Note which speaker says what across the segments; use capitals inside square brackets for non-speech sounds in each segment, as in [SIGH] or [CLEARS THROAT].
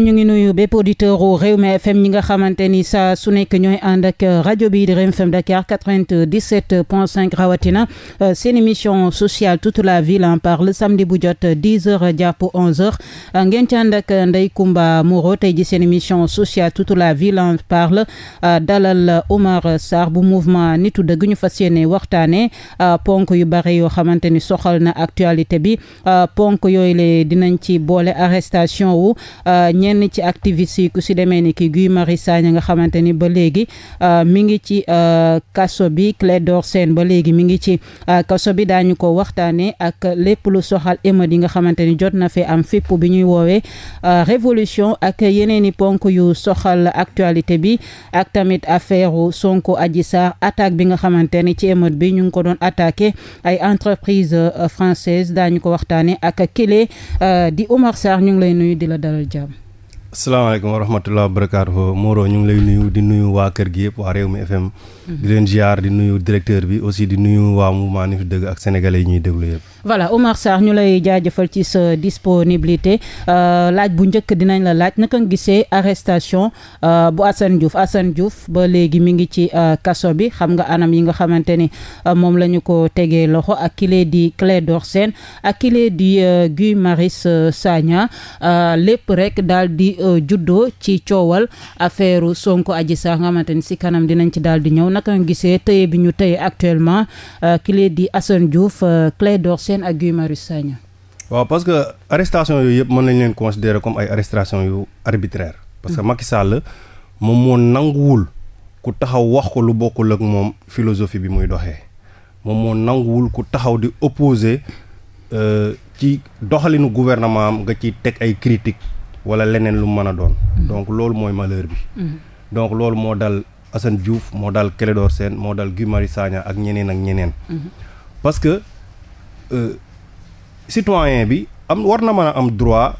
Speaker 1: ñu ngi nuyu bépp auditeur u mais FM ñi nga xamante ni saa su nekk ñooy ànd ak rajo bi di Rewmi FM Dakar quatre-vingt-dix-sept point cinq rawatina euh, seen émission sociale toute la ville en parle samedi bu jot dix heures jàpp onze heures ngeen ci ànd ak Ndeye Comba Moreau tey ji seen émission sociale toute la ville en parle euh, dalal Omar sar bu mouvement nitu dëgg ñu fas yéene waxtaane euh, ponk yu bare yoo xamante ni soxal na actualité bi ponk yooyu le dinañ ci boole arrestation wu ñenn ci activiste yi ku si demee ni ki Guy Marius Sagna nga xamante ni ba léegi euh, mi ngi ci euh, kaso bi Clédor Sène ba léegi mi ngi ci euh, kaso bi daañu ko waxtaanee ak lépp lu soxal émeute yi nga xamante ni jot na fee am fépp bi ñuy woowee révolution ak yeneen i ponk yu soxal actualité bi ak tamit affaire Sonko aji Sarr attaque bi nga xamante ni ci émeute bi ñu ngi ko doon attaqué ay entreprise française daañu ko waxtaanee ak kile di Oumar Sarr ñu ngi lay nuyu di la dalal jàmm
Speaker 2: asalaamaaleykum wa rahmatulah barakaatu moo ñu ngi lay nuyu di nuyu waa kër gi yëpp waa réew mi FM. Mhm. di leen di nuyu directeur bi aussi di nuyu waa mouvement Nifli Dëgg ak sénégalais yi ñuy déglu yëpp.
Speaker 1: voilà Omar Sarr ñu lay jaajëfal ci sa disponibilité euh, laaj bu njëkk dinañ la laaj naka nga gisee arrestation euh, bu Assane Diouf Assane Diouf ba léegi mi ngi ci euh, kaso bi xam nga anam yi nga xamante ni moom la ñu ko tegee loxo ak kile di Clédor Sène ak kile di Guy Marius Sagna lépp rek daal di juddoo ci coowal affaire Sonko aji Sarr nga xamante ni si kanam dinañ ci daal di ñëw naka nga gisee tëye bi ñu tëye actuellement kile di Assane Diouf Clédor Sène ak Guy Marius Sagna
Speaker 2: waaw parce que arrestation yooyu yëpp mën nañ leen considérer comme ay arrestation yu arbitraire parce que mm-hmm. Macky Sall moom moo nanguwul ku taxaw wax ko lu bokkul ak moom philosophie bi muy doxee moom moo nanguwul ku taxaw di opposer euh, ci doxalinu gouvernement am nga ciy teg ay critique wala leneen lu mën a doon mm-hmm. donc loolu mooy malheur bi mm-hmm. donc loolu moo dal Assane Diouf moo dal Clédor Sène moo dal Guy Marius Sagna ak ñeneen ak ñeneen Euh, citoyen bi am war na mën a am droit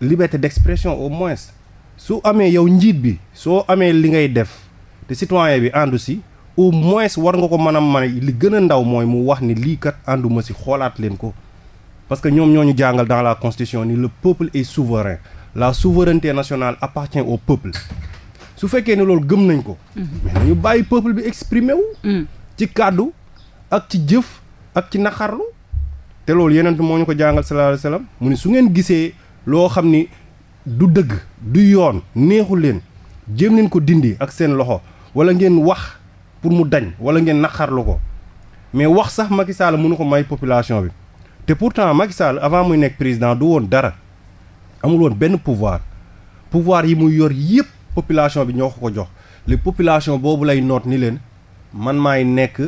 Speaker 2: liberté d'expression au moins su amee yow njiit bi soo amee li ngay def te citoyen bi àndu si au moins war nga ko mën a li gën a ndaw mooy mu wax ni liikat ànduma si xoolaat leen ko parce que ñoom ñoo ñu jàngal dans la constitution ni le peuple est souverain la souveraineté nationale appartient au peuple su fekkee ne loolu gëm nañ ko mm-hmm. mais nañu bàyyi peuple bi exprimer wu mm. ci kàddu ak ci jëf ak ci naqarlu te loolu yenent moo ñu ko jàngal sallallahu alayhi mu ni su ngeen gisee loo xam ni du dëgg du yoon neexul leen jéem leen ko dindi ak seen loxo wala ngeen wax pour mu dañ wala ngeen naqarlu ko mais wax sax Macky Sall mënu ko may population bi te pourtant Macky Sall avant muy nekk président du woon dara amul woon benn pouvoir pouvoir yi muy yor yépp population bi ñoo ko ko jox les population boobu lay noot ni leen man maay nekk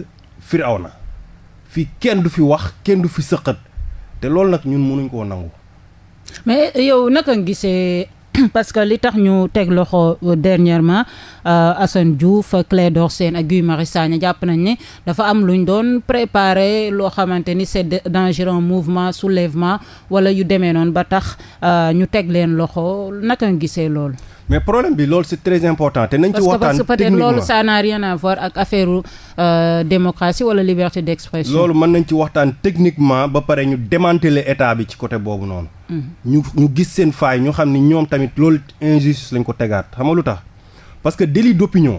Speaker 2: na fi kenn du fi wax kenn du fi sëqat te loolu nag ñun mënuñ koo nangu.
Speaker 1: mais yow naka nga gisee [CLEARS THROAT] parce que li tax ñu teg loxo euh, dernièrement euh, Assane Diouf Clédor Sène ak Guy Marius Sagna jàpp nañ ne dafa am lu ñu doon préparer loo xamante ni c'est dangereux mouvement soulèvement wala yu demee noonu ba tax euh, ñu teg leen loxo naka nga gisee loolu.
Speaker 2: mais problème bi loolu c'est très important te nañ ci waxtaan techniquement parce que peut-être loolu ça
Speaker 1: n'a rien à voir ak euh, loolu mën
Speaker 2: nañ ci waxtaan techniquement ba pare ñu démanteler état bi ci côté boobu noonu. Mhm. ñu ñu gis seen faay ñu xam ni ñoom tamit loolu injustice lañ ko tegaat xam nga lu tax parce que délit d'opinion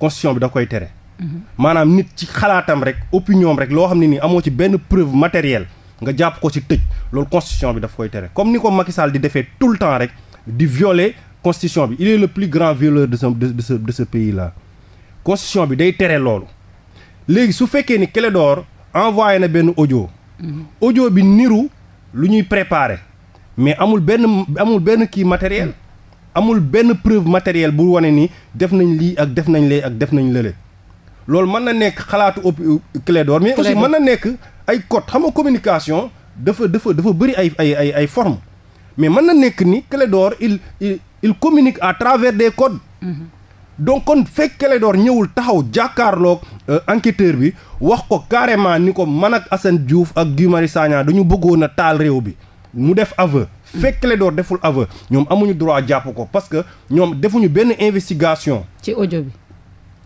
Speaker 2: constitution bi da koy tere. Mhm. maanaam nit ci xalaatam rek opinion rek loo xam ne nii amoo ci benn preuve matérielle nga jàpp ko ci tëj loolu constitution bi daf koy tere comme ni ko Macky Sall di defee tout le temps rek di violer constitution bi il est le plus grand violeur de ce de ce de ce pays là constitution bi day tere loolu léegi su fekkee ni Clédor envoyé na benn audio. Mhm. audio bi niru lu ñuy préparer mais amul benn amul benn kii matériel. Mhm. amul benn preuve matérielle bu wane ni def nañ lii ak def nañ lee ak def nañ lële. loolu mën na nekk xalaatu Clédor euh, mais aussi mën na nekk ay code xam nga communication dafa dafa dafa bëri ay ay ay ay forme mais mën na nekk ni Clédor il il communique à travers des code donc kon fekk Clédor ñëwul taxaw jàkkaarloog euh, enquêteur bi wax ko carrément ni ko man ak Assane Diouf ak Guy Marius Sagna dañu bëggoon a taal réew bi mu def aveu. fekk Clédor deful aveu ñoom amuñu droit jàpp ko parce que ñoom defuñu benn investigation. ci ojo bi.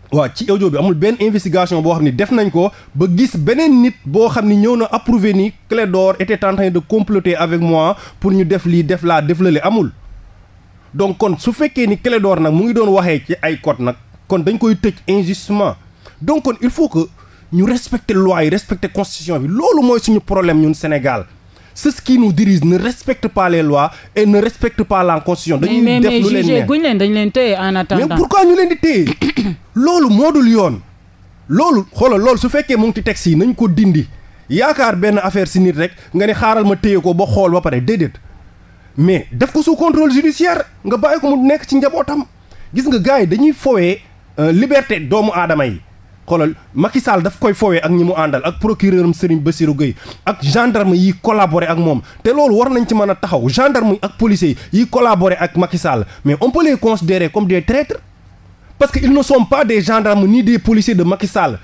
Speaker 2: waaw ci audio bi amul benn investigation boo xam ni def nañ ko ba gis beneen nit boo xam ni ñëw na approuvé ni Clédor était en train de comploter avec mois pour ñu def lii def laa def amul. donc kon su fekkee ni Clédor nag mu ngi doon waxee ci ay code nag kon dañ koy tëj injustement donc kon il faut que ñu respecter loi yi respecter constitution bi loolu mooy suñu problème ñun Sénégal c'est kiinu qui nous dirige ne respecte pas les lois et ne respecte pas la constitution. dañuy def lu leen mais guñ
Speaker 1: leen dañ leen téye en attendant. mais pourquoi
Speaker 2: ñu leen di téye [COUGHS] loolu moo dul yoon. loolu xoola loolu su fekkee mu ngi ci texte yi nañ ko dindi yaakaar benn affaire si nit rek nga ne xaaral ma téye ko ba xool pare déedéet. mais def ko sous contrôle judiciaire nga bàyyi ko mu nekk ci njabootam gis nga gars yi dañuy fowee euh, liberté doomu aadama yi xoolal Macky Sall daf koy fowee ak ñi mu àndal ak procureur am ba Bassirou Gueye ak gendarme yi collaboré ak moom te loolu war nañ ci mën a taxaw gendarme ak policiers yi collaboré ak Macky Sall mais on peut les considérer comme des traîtres parce que ils ne sont pas des gendarmes ni des policiers de Macky Sall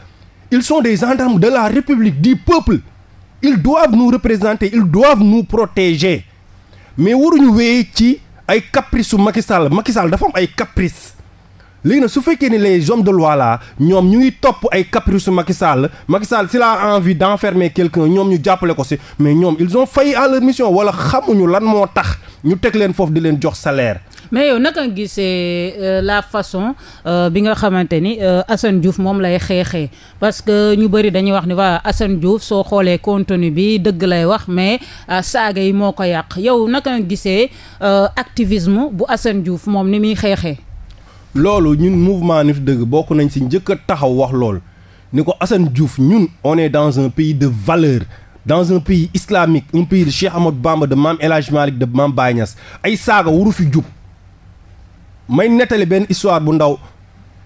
Speaker 2: ils sont des gendarmes de la République du peuple ils doivent nous représenter ils doivent nous protéger mais waruñu wéy ci ay caprice su Macky Sall Macky dafa am ay caprice léegi na su fekkee ni les hommes de loi ñoom ñu ngi topp ay caprice su Macky Sall Macky Sall s'il a envie d'enfermer quelqu'un ñoom ñu jàppale ko si mais ñoom ils ont failli à leur mission wala xamuñu lan moo tax ñu teg leen foofu di leen jox salaire
Speaker 1: mais yow naka nga gisee euh, la façon euh, bi nga xamante ni euh, Assane Diouf moom lay xeexee parce que ñu bëri dañuy wax ni waa Assane Diouf soo xoolee contenu bi dëgg lay wax mais saaga yi moo ko yàq yow naka nga gisee activisme bu Assane Diouf moom ni muy xeexee.
Speaker 2: loolu ñun mouvement Nif Dëgg bokk nañ si njëkk a taxaw wax lool ni ko Assane Diouf ñun on dans un pays de valeur dans un pays islamique un pays de Cheikh Ahmadou Bamba de Mame El Hadj de Mame Baye ay saaga waru fi jub. may nettali benn histoire bu ndaw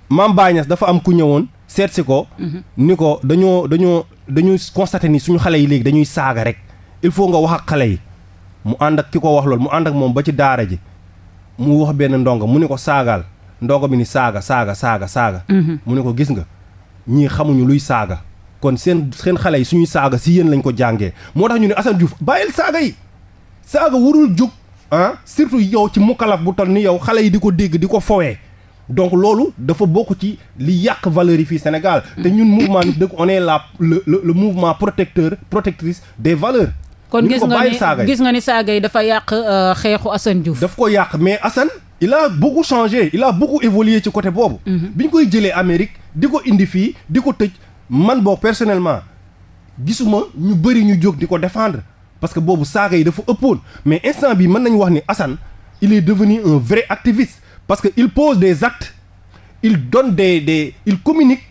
Speaker 2: maam dafa am ku ñëwoon seet si ko. Mhm. ni ko dañoo dañoo dañuy constaté ni suñu xale yi léegi dañuy saaga rek il faut nga wax ak xale yi mu ànd ak ki ko wax loolu mu ànd ak moom ba ci daara ji mu wax benn ndongo mu ni ko saagaal ndongo mi ni saaga saaga saaga saaga. Mhm. mu ni ko gis nga ñii xamuñu luy saaga. kon seen seen xale yi suñuy saaga si yéen lañ ko jàngee moo tax ñu ne Assane Diouf bàyyil saaga yi saaga warul jug. ah surtout yow ci mukalaf bu toll ni yow xale yi di ko dégg di ko fowee donc loolu dafa bokk ci li yàq valeur yi fii Sénégal mm. te ñun mouvement Nittu Dëgg on la le le mouvement protecteur protectrice des valeurs kon gis nga ni gis
Speaker 1: nga ni saaga yi dafa yàq euh, xeexu Assane Diouf
Speaker 2: daf ko yàq mais Assane il a beaucoup changé il a évolué ci côté boobu mm-hmm. bi ñu koy jëlee Amérique di ko indi fii di ko tëj man boo personnellement gisuma ñu bëri ñu jóg di ko défendre parce que boobu saaga yi dafa ëppoon mais instant bii mën nañu wax ni Assane il est devenu un vrai activiste parce que il pose des actes il donne des des il communique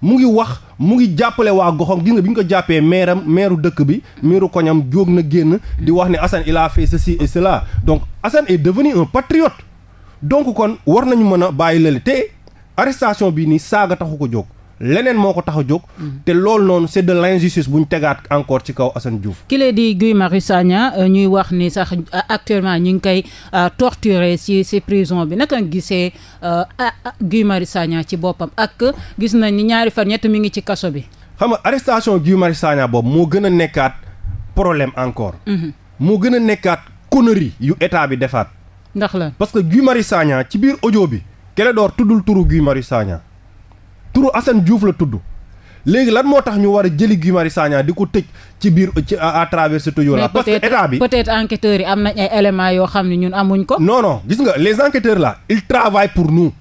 Speaker 2: mu ngi wax mu ngi jàppale waa goxam gis bi ñu ko jàppee maire am maireu dëkk bi maireu koñam jóg na génn di wax ne Assane il a fait ceci et cela donc Assane est devenu un patriote donc kon war nañu mën a bàyyi lële te arrestation bi ni saaga taxu ko jóg leneen moo ko tax a jóg. Mm-hmm. te lool noonu c'est de l'injustice bu ñu tegaat encore ci kaw Assane Diouf.
Speaker 1: ki di Guy Marius Sagna euh, ñuy wax ni sax euh, actuellement ñu ngi koy euh, torturer ci ci prison bi naka nga gisee Guy Marius Sagna ci boppam ak gis nañ ni ñaari fan ñett mi ngi ci kaso bi.
Speaker 2: xam nga arrestation Guy Marius Sagna boobu moo gën a nekkaat problème encore. Mm-hmm. moo gën a nekkaat connerie yu état bi defaat. ndax la parce que Guy Marius Sagna ci biir audio bi. Clédor tuddul turu Guy Marius turu Assane Diouf la tudd léegi lan moo tax ñu war a jëli Guy Marius Sagna di ko tëj ci biir ci à travers ce toujours là que état bi
Speaker 1: peut-être enquêteurs am nañ ay éléments yoo xam ne ñun amuñ ko
Speaker 2: non gis nga les enquêteurs la ils travaillent pour nous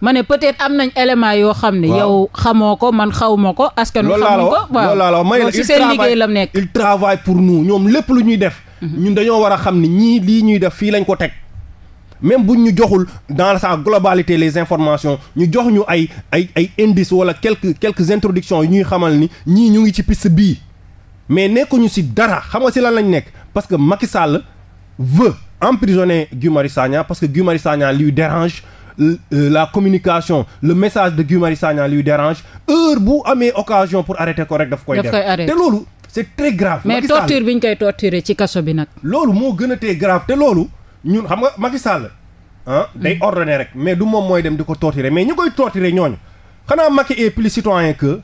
Speaker 1: ma ne peut-être am nañ élément yoo xam ne yow xamoo ko man xawuma ko askan wi xamuñ ko waaw loolu laa la may si seen liggéey nekk il
Speaker 2: travaille pour nous ñoom lépp lu ñuy def mhm. ñun dañoo war a xam ni ñii lii ñuy def fii lañ ko teg même buñ ñu joxul dans sa globalité les informations ñu jox ñu ay ay ay indices wala quelques quelques introductions yu ñuy xamal ni ñii ñu ngi ci piste bii mais nekkuñu ci dara xam nga ci lan lañ nekk parce que Macky Sall veut emprisonner Guy Marius Sagna parce que Guy Marius Sagna lui dérange euh, la communication le message de Guy Marius Sagna lui dérange heure bu amee occasion pour arrêter ko rek daf koy def te loolu c'est très grave mais torture bi ñu koy torturer ci kaso bi nag loolu moo gën a tee grave loolu ñun xam nga Macky Sall ah day mm. ordonné rek mais du moom mooy dem di ko torturer mais ñi koy torturer ñooñu xanaa Macky est plus citoyen que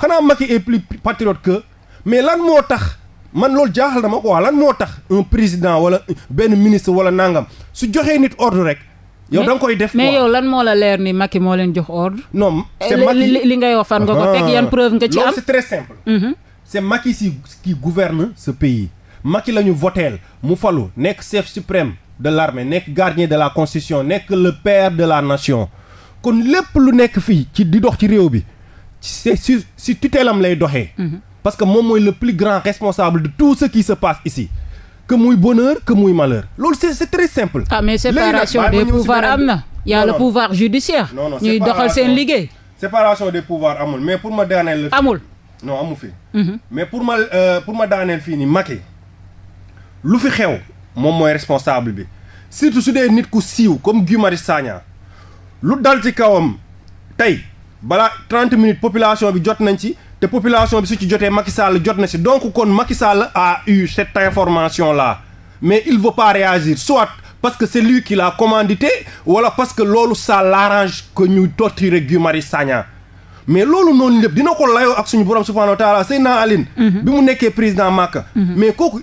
Speaker 2: xanaa Macky est plus patriote que mais lan moo tax man loolu jaaxal na ma quoi lan moo tax un président wala benn ministre wala nangam su joxee nit ordre rek. yow da koy def mais yow
Speaker 1: lan moo la leer nii Macky moo leen jox ordre. non c'est eh, Macky li ngay wax fan nga ko teg yan ah, preuve nga ci am loolu c'est
Speaker 2: très simple. Mhm. c'est si qui gouverne ce pays la ñu voteel mu falu nekk chef suprême. de l'armée nekk gardien de la constitution nekk le père de la nation kon lépp lu nekk fii ci di dox ci réew bi ci si si lay doxee mhm. parce que moom mooy le plus grand responsable de tout ce qui se passe ici que muy bonheur que muy malheur loolu c'est c'est très simple
Speaker 1: ah mais séparation des pouvoirs am na y a le pouvoir judiciaire ñuy doxal seen liggéey
Speaker 2: séparation des pouvoirs amul mais pour ma daaneel la amul non amul fii mhm. mais pour ma euh, pour ma daaneel fii ni Macky lu fi xew moom mooy responsable bi surtout su dee nit ku siiw comme Guy mari Sagna lu dal ci kawam tey balaa 30 minutes population bi jot nañ ci te population bi su ci jotee Macky Sall jot na ci donc kon Macky Sall a eu cette information là mais il veut pas réagir soit parce que c'est lui qui l'a commandité wala parce que loolu ça l'arrange que ñuy torturer Guy mari Sagna mais loolu noonu lépp dina ko layoo ak suñu borom subhanahu wa taala Seydina mhm. bi mu nekkee président Makka mhm. mais kooku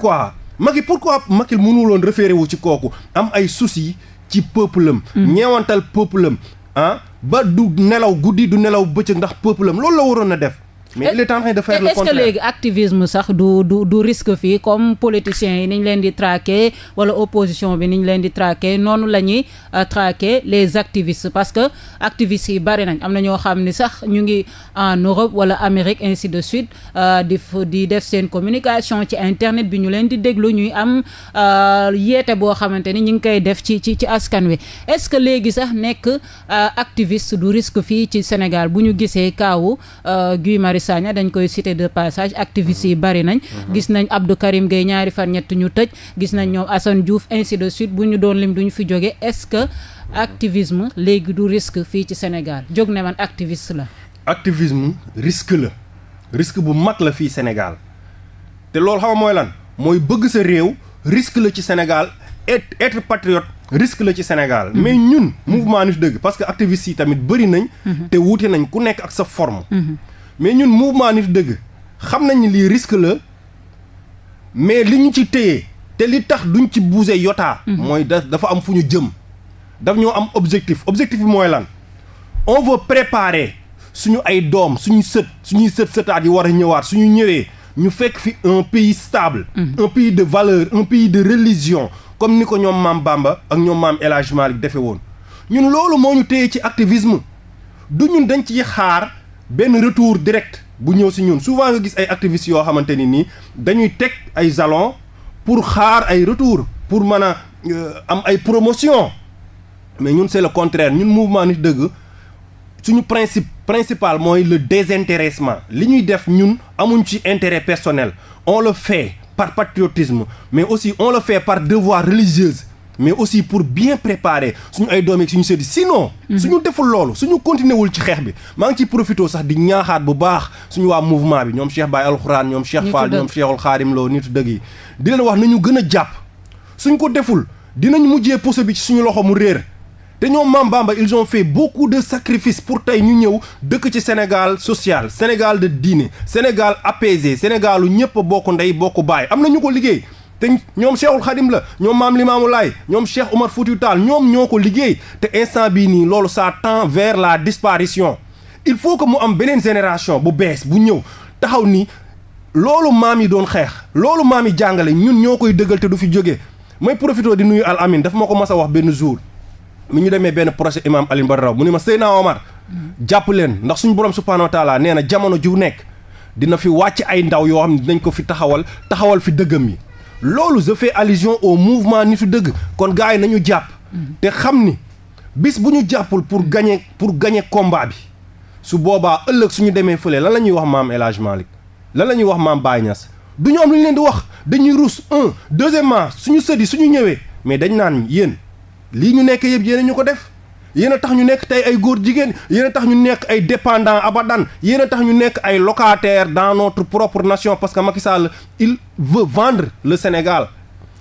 Speaker 2: quoi Macky pourquoi Macky mënul woon référé wu ci kooku am ay souci ci peuple am. Mm. ñeewantal peuple am ah ba du nelaw guddi du nelaw bëccëg ndax peuple am loolu la waroon a def. mais il est en train ce que léegi
Speaker 1: activisme sax du du du risque fii comme politiciens yi ni leen di traquer wala opposition bi ni leen di traquer noonu la ñuy euh, traquer les activistes parce que activistes yi bari nañ am na ñoo xam ni sax ñu ngi en Europe wala Amérique ainsi de suite euh, di di def seen communication ci internet bi ñu leen di déglu ñuy am euh, yeete boo xamante ni ñu ngi koy def ci ci ci askan wi est-ce que léegi sax nekk activiste du risque fii ci Sénégal bu ñu gisee kaawu Guy Marius Sagna dañ koy cité de passage activistes yi bari nañ mhm. gis nañ Abdou Karim Gueye ñaari fan ñett ñu tëj gis nañ ñoom Assane Diouf ainsi de suite bu ñu doon lim duñu fi jógee est-ce que activisme léegi du risque fii ci Sénégal jóg ne man activiste la
Speaker 2: activisme risque la risque bu mag la fii Sénégal te loolu xam mooy lan mooy bëgg sa réew risque la ci Sénégal être être patriote risque la ci Sénégal mhm. mais ñun mouvement Nittu Dëgg parce que activistes yi tamit bëri nañ mhm. te wuute nañ ku nekk ak sa forme mais ñun mouvement nit dëgg xam nañ ni lii risque la mais li ñu ci téye te li tax duñ ci bouger yotaa mhm. mooy da dafa am fu ñu jëm daf ñoo am objectif objectif bi mooy lan on veut préparer suñu ay doom suñu sët suñuy sët sëtaat yi war a ñëwaat suñu ñëwee ñu fekk fi un pays stable mhm. un pays de valeur un pays de religion comme ni ko ñoom maam Bamba ak ñoom maam El Hadj Malick defe woon ñun loolu moo ñu téye ci activisme du ñun dañ ci xaar benn retour direct bu ñëw si ñun souvent nga gis ay activistes yoo xamante ni nii dañuy teg ay jalons pour xaar ay retour pour mën a euh, am ay promotion mais ñun c'est le contraire ñun mouvement Nit Dëgg suñu principe principal mooy le désintéressement li ñuy def ñun amuñ ci intérêt personnel on le fait par patriotisme mais aussi on le fait par devoir religieuse mais aussi pour bien préparer suñu ay doom ak suñu sëriñ sinon. Mhm. suñu deful loolu suñu continué wul ci xeex bi maa ngi ciy profité sax di ñaaxaat bu baax suñu waa mouvement bi ñoom Cheikh Baye Alxuraan ñoom Cheikh Fall ñoom Cheikhul Xaadim Lo nitu dëgg yi di leen wax nañu gën a jàpp suñ ko deful dinañ mujjee poso bi ci suñu loxo mu réer te ñoom Maam Bamba ils ont fait beaucoup de sacrifices pour tey ñu ñëw dëkk ci Sénégal social Sénégal de diine Sénégal apaisé Sénégal lu ñëpp bokk ndey bokk baay am na ñu ko liggéey te ñoom Cheikhul Khadim la ñoom maam Limaamu lay ñoom Cheikh Omar Foutiyou Tall ñoom ñoo ko liggéey te instant bii nii loolu ça tend vers la disparition il faut que mu am beneen génération bu bees bu ñëw taxaw nii loolu maam yi doon xeex loolu maam yi jàngale ñun ñoo koy dëggal te du fi jógee may profité di nuyu al amin dafa ma ko mas a wax benn jour mu ñu demee benn projet imam Alioune Badara mu ne ma Seyna mar jàpp leen ndax suñu borom subhaanahu wa taala nee na jamono ju nekk dina fi wàcc ay ndaw yoo dinañ ko fi taxawal taxawal fi dëggam yi loolu je fais allusion au mouvement nitu dëgg kon gars yi nañu jàpp te xam ni bis bu ñu jàppul pour gañe pour gañe combat bi su boobaa ëllëg suñu demee fële lan la ñuy wax maam El Hadj lan la ñuy wax maam Baye Niass du ñu am lu ñu leen di wax dañuy ruus un deuxièmement suñu sët yi suñu ñëwee mais dañu naan yéen lii ñu nekk yëpp yéen ñu ko def yéen a tax ñu nekk tey ay góor jigéen yéen tax ñu nekk ay dépendant abadan yéen a tax ñu nekk ay locataire dans notre propre nation parce que Macky Sall il veut vendre le Sénégal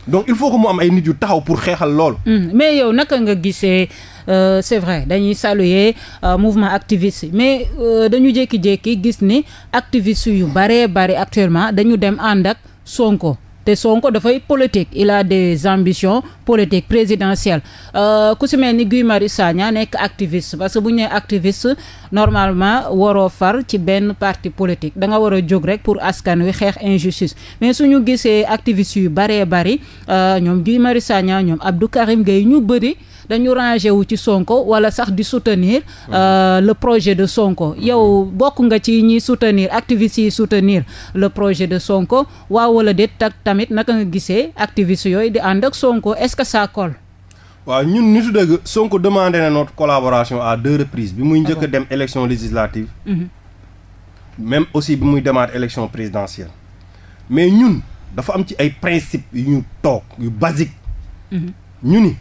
Speaker 2: donc il faut que mu am ay nit yu taxaw pour xeexal lool.
Speaker 1: mais yow naka nga gisee euh, c'est vrai dañuy saluer euh, mouvement activiste mais euh, dañu jékki-jékki gis ni activiste yu baree bari actuellement dañu dem ànd ak Sonko. te Sonko dafay politique il a des ambitions politiques présidentielles euh, ku si mel ni Guy Marius Sagna nekk activiste parce que bu ñu nee activiste normalement waroo far ci benn parti politique da nga war a jóg rek pour askan wi xeex injustice mais su ñu gisee activistes yu baree bari euh, ñoom Guy Marius Sagna ñoom Abdou Karim Gueye ñu bëri. dañu rangé wu ci Sonko wala sax di soutenir euh, le projet de Sonko yow bokk nga ci ñi soutenir activistes yi soutenir le projet de Sonko waaw wala déet tamit naka nga gisee activistes yooyu di ànd ak Sonko est-ce que ça colle
Speaker 2: waaw ñun nitu dëgg Sonko demandé na notre collaboration à deux reprises bi muy njëkk dem élection législative mm même aussi bi muy demaat élection présidentielle mais ñun dafa am ci ay principes yu ñu toog yu basique mhm. ñu ni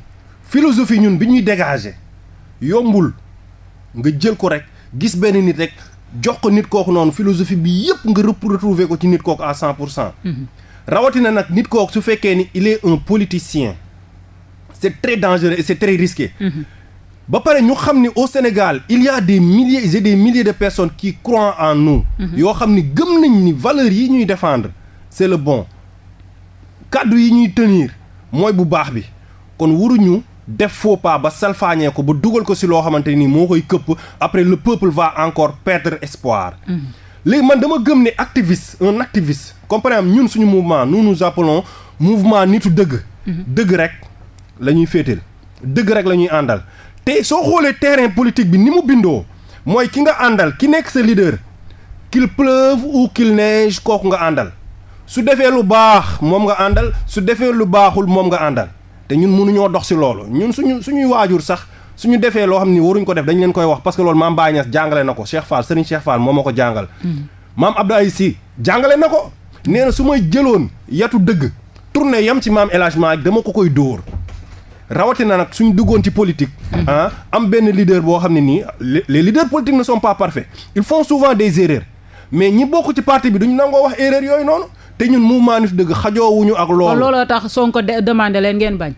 Speaker 2: philosophie ñun bi ñuy dégager yombul nga jël ko rek gis benn nit rek jox ko nit kooku noonu philosophie bi yëpp nga retrouver ko ci nit kooku à cent pour cent mhm. rawatina nag nit kooku su fekkee ni il est un politicien c'est très dangereux et c'est très risqué mhm. ba pare ñu xam ni au Sénégal il y a des milliers et des milliers de personnes qui croient en nous mhm. yoo xam ni gëm nañ ni valeurs yi ñuy défendre c'est le bon kàddu yi ñuy tenir mooy bu baax bi kon waruñu def faux pas ba salfaañee ko ba dugal ko si loo xamante ni moo koy këpp après le peuple va encore perdre espoir. Mm-hmm. léegi man dama gëm ne activiste un activiste comprendre ñun suñu mouvement nous nous appelons mouvement nitu dëgg. Mm-hmm. dëgg rek la ñuy féetal dëgg rek la ñuy àndal te soo xoolee terrain politique bi ni mu bindoo mooy ki nga àndal ki nekk sa leader qu'il pleuve ou qu'il neige kooku nga àndal su defee lu baax moom nga àndal su defee lu baaxul moom nga àndal. te ñun mënuñoo dox si loolu ñun suñu suñuy waajur sax suñu defee loo xam ni waruñ ko def dañu leen koy wax parce que loolu maam Baye Niass jàngale na ko Cheikh Fall Serigne Cheikh Fall moo ma ko jàngal. Hmm. maam Abdoulaye Sy jàngale na ko nee na su may jëloon yatu dëgg tourné yam ci maam élagement ak dama ko koy dóor. rawatina nag suñu duggoon ci politique. Hmm. ah am benn leader boo xam ne nii les leaders politiques ne sont pas parfaits ils font souvent des erreurs mais ñi bokk ci parti bi duñ nangoo wax erreur yooyu noonu. te ñun mouvement Nittu Dëgg xajoowuñu ak loolu.
Speaker 1: looloo tax Sonko demandé leen ngeen bañ.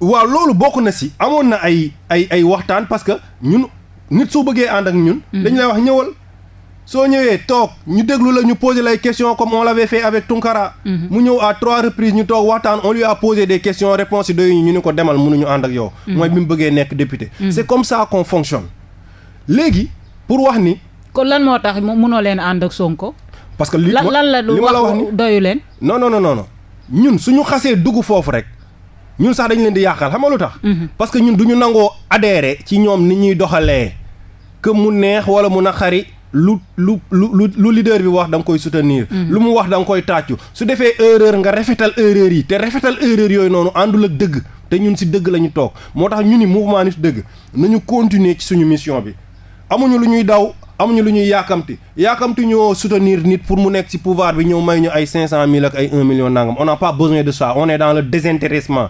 Speaker 2: waaw loolu bokk na si amoon na ay ay ay waxtaan parce que ñun nit soo bëggee ànd ak ñun. Mm-hmm. dañu lay wax ñëwal. soo ñëwee toog ñu déglu la ñu pose lay questions comme on l'avait fait avec Tunkara. Mm-hmm. mu ñëw a trois reprises ñu toog waxtaan on lui a posé des questions réponses doyuñu ñu ni ko demal munuñu ànd ak yow. Mm-hmm. mooy bi mu bëggee nekk député. c'est comme ça qu'on léegi pour wax ni.
Speaker 1: kon lan moo tax munoo leen ànd ak Sonko.
Speaker 2: parce que li lan la lu ma la wax ni doyu leen. non non non non ñun suñu xasee dugg foofu rek ñun sax dañ leen di yàqal xam nga lu tax. Mhm. parce que ñun du ñu nangoo adhéré ci ñoom ni ñuy doxalee que mu neex wala mu naqari lu lu lu lu leader bi wax da nga koy soutenir. Mhm. lu mu wax da nga koy tàccu su defee erreur nga rafetal erreur yi te rafetal erreur yooyu noonu àndul ak dëgg te ñun si dëgg la ñu toog moo tax ñu ni mouvement Nittu Dëgg nañu continuer ci suñu mission bi amuñu lu ñuy daw. amuñu lu ñuy yàkkamti yaakamti ñoo soutenir nit pour mu nekk ci pouvoir bi ñëw may ñu ay cinq cent mille ak ay un million nangam on n'a pas besoin de ça on est dans le désintéressement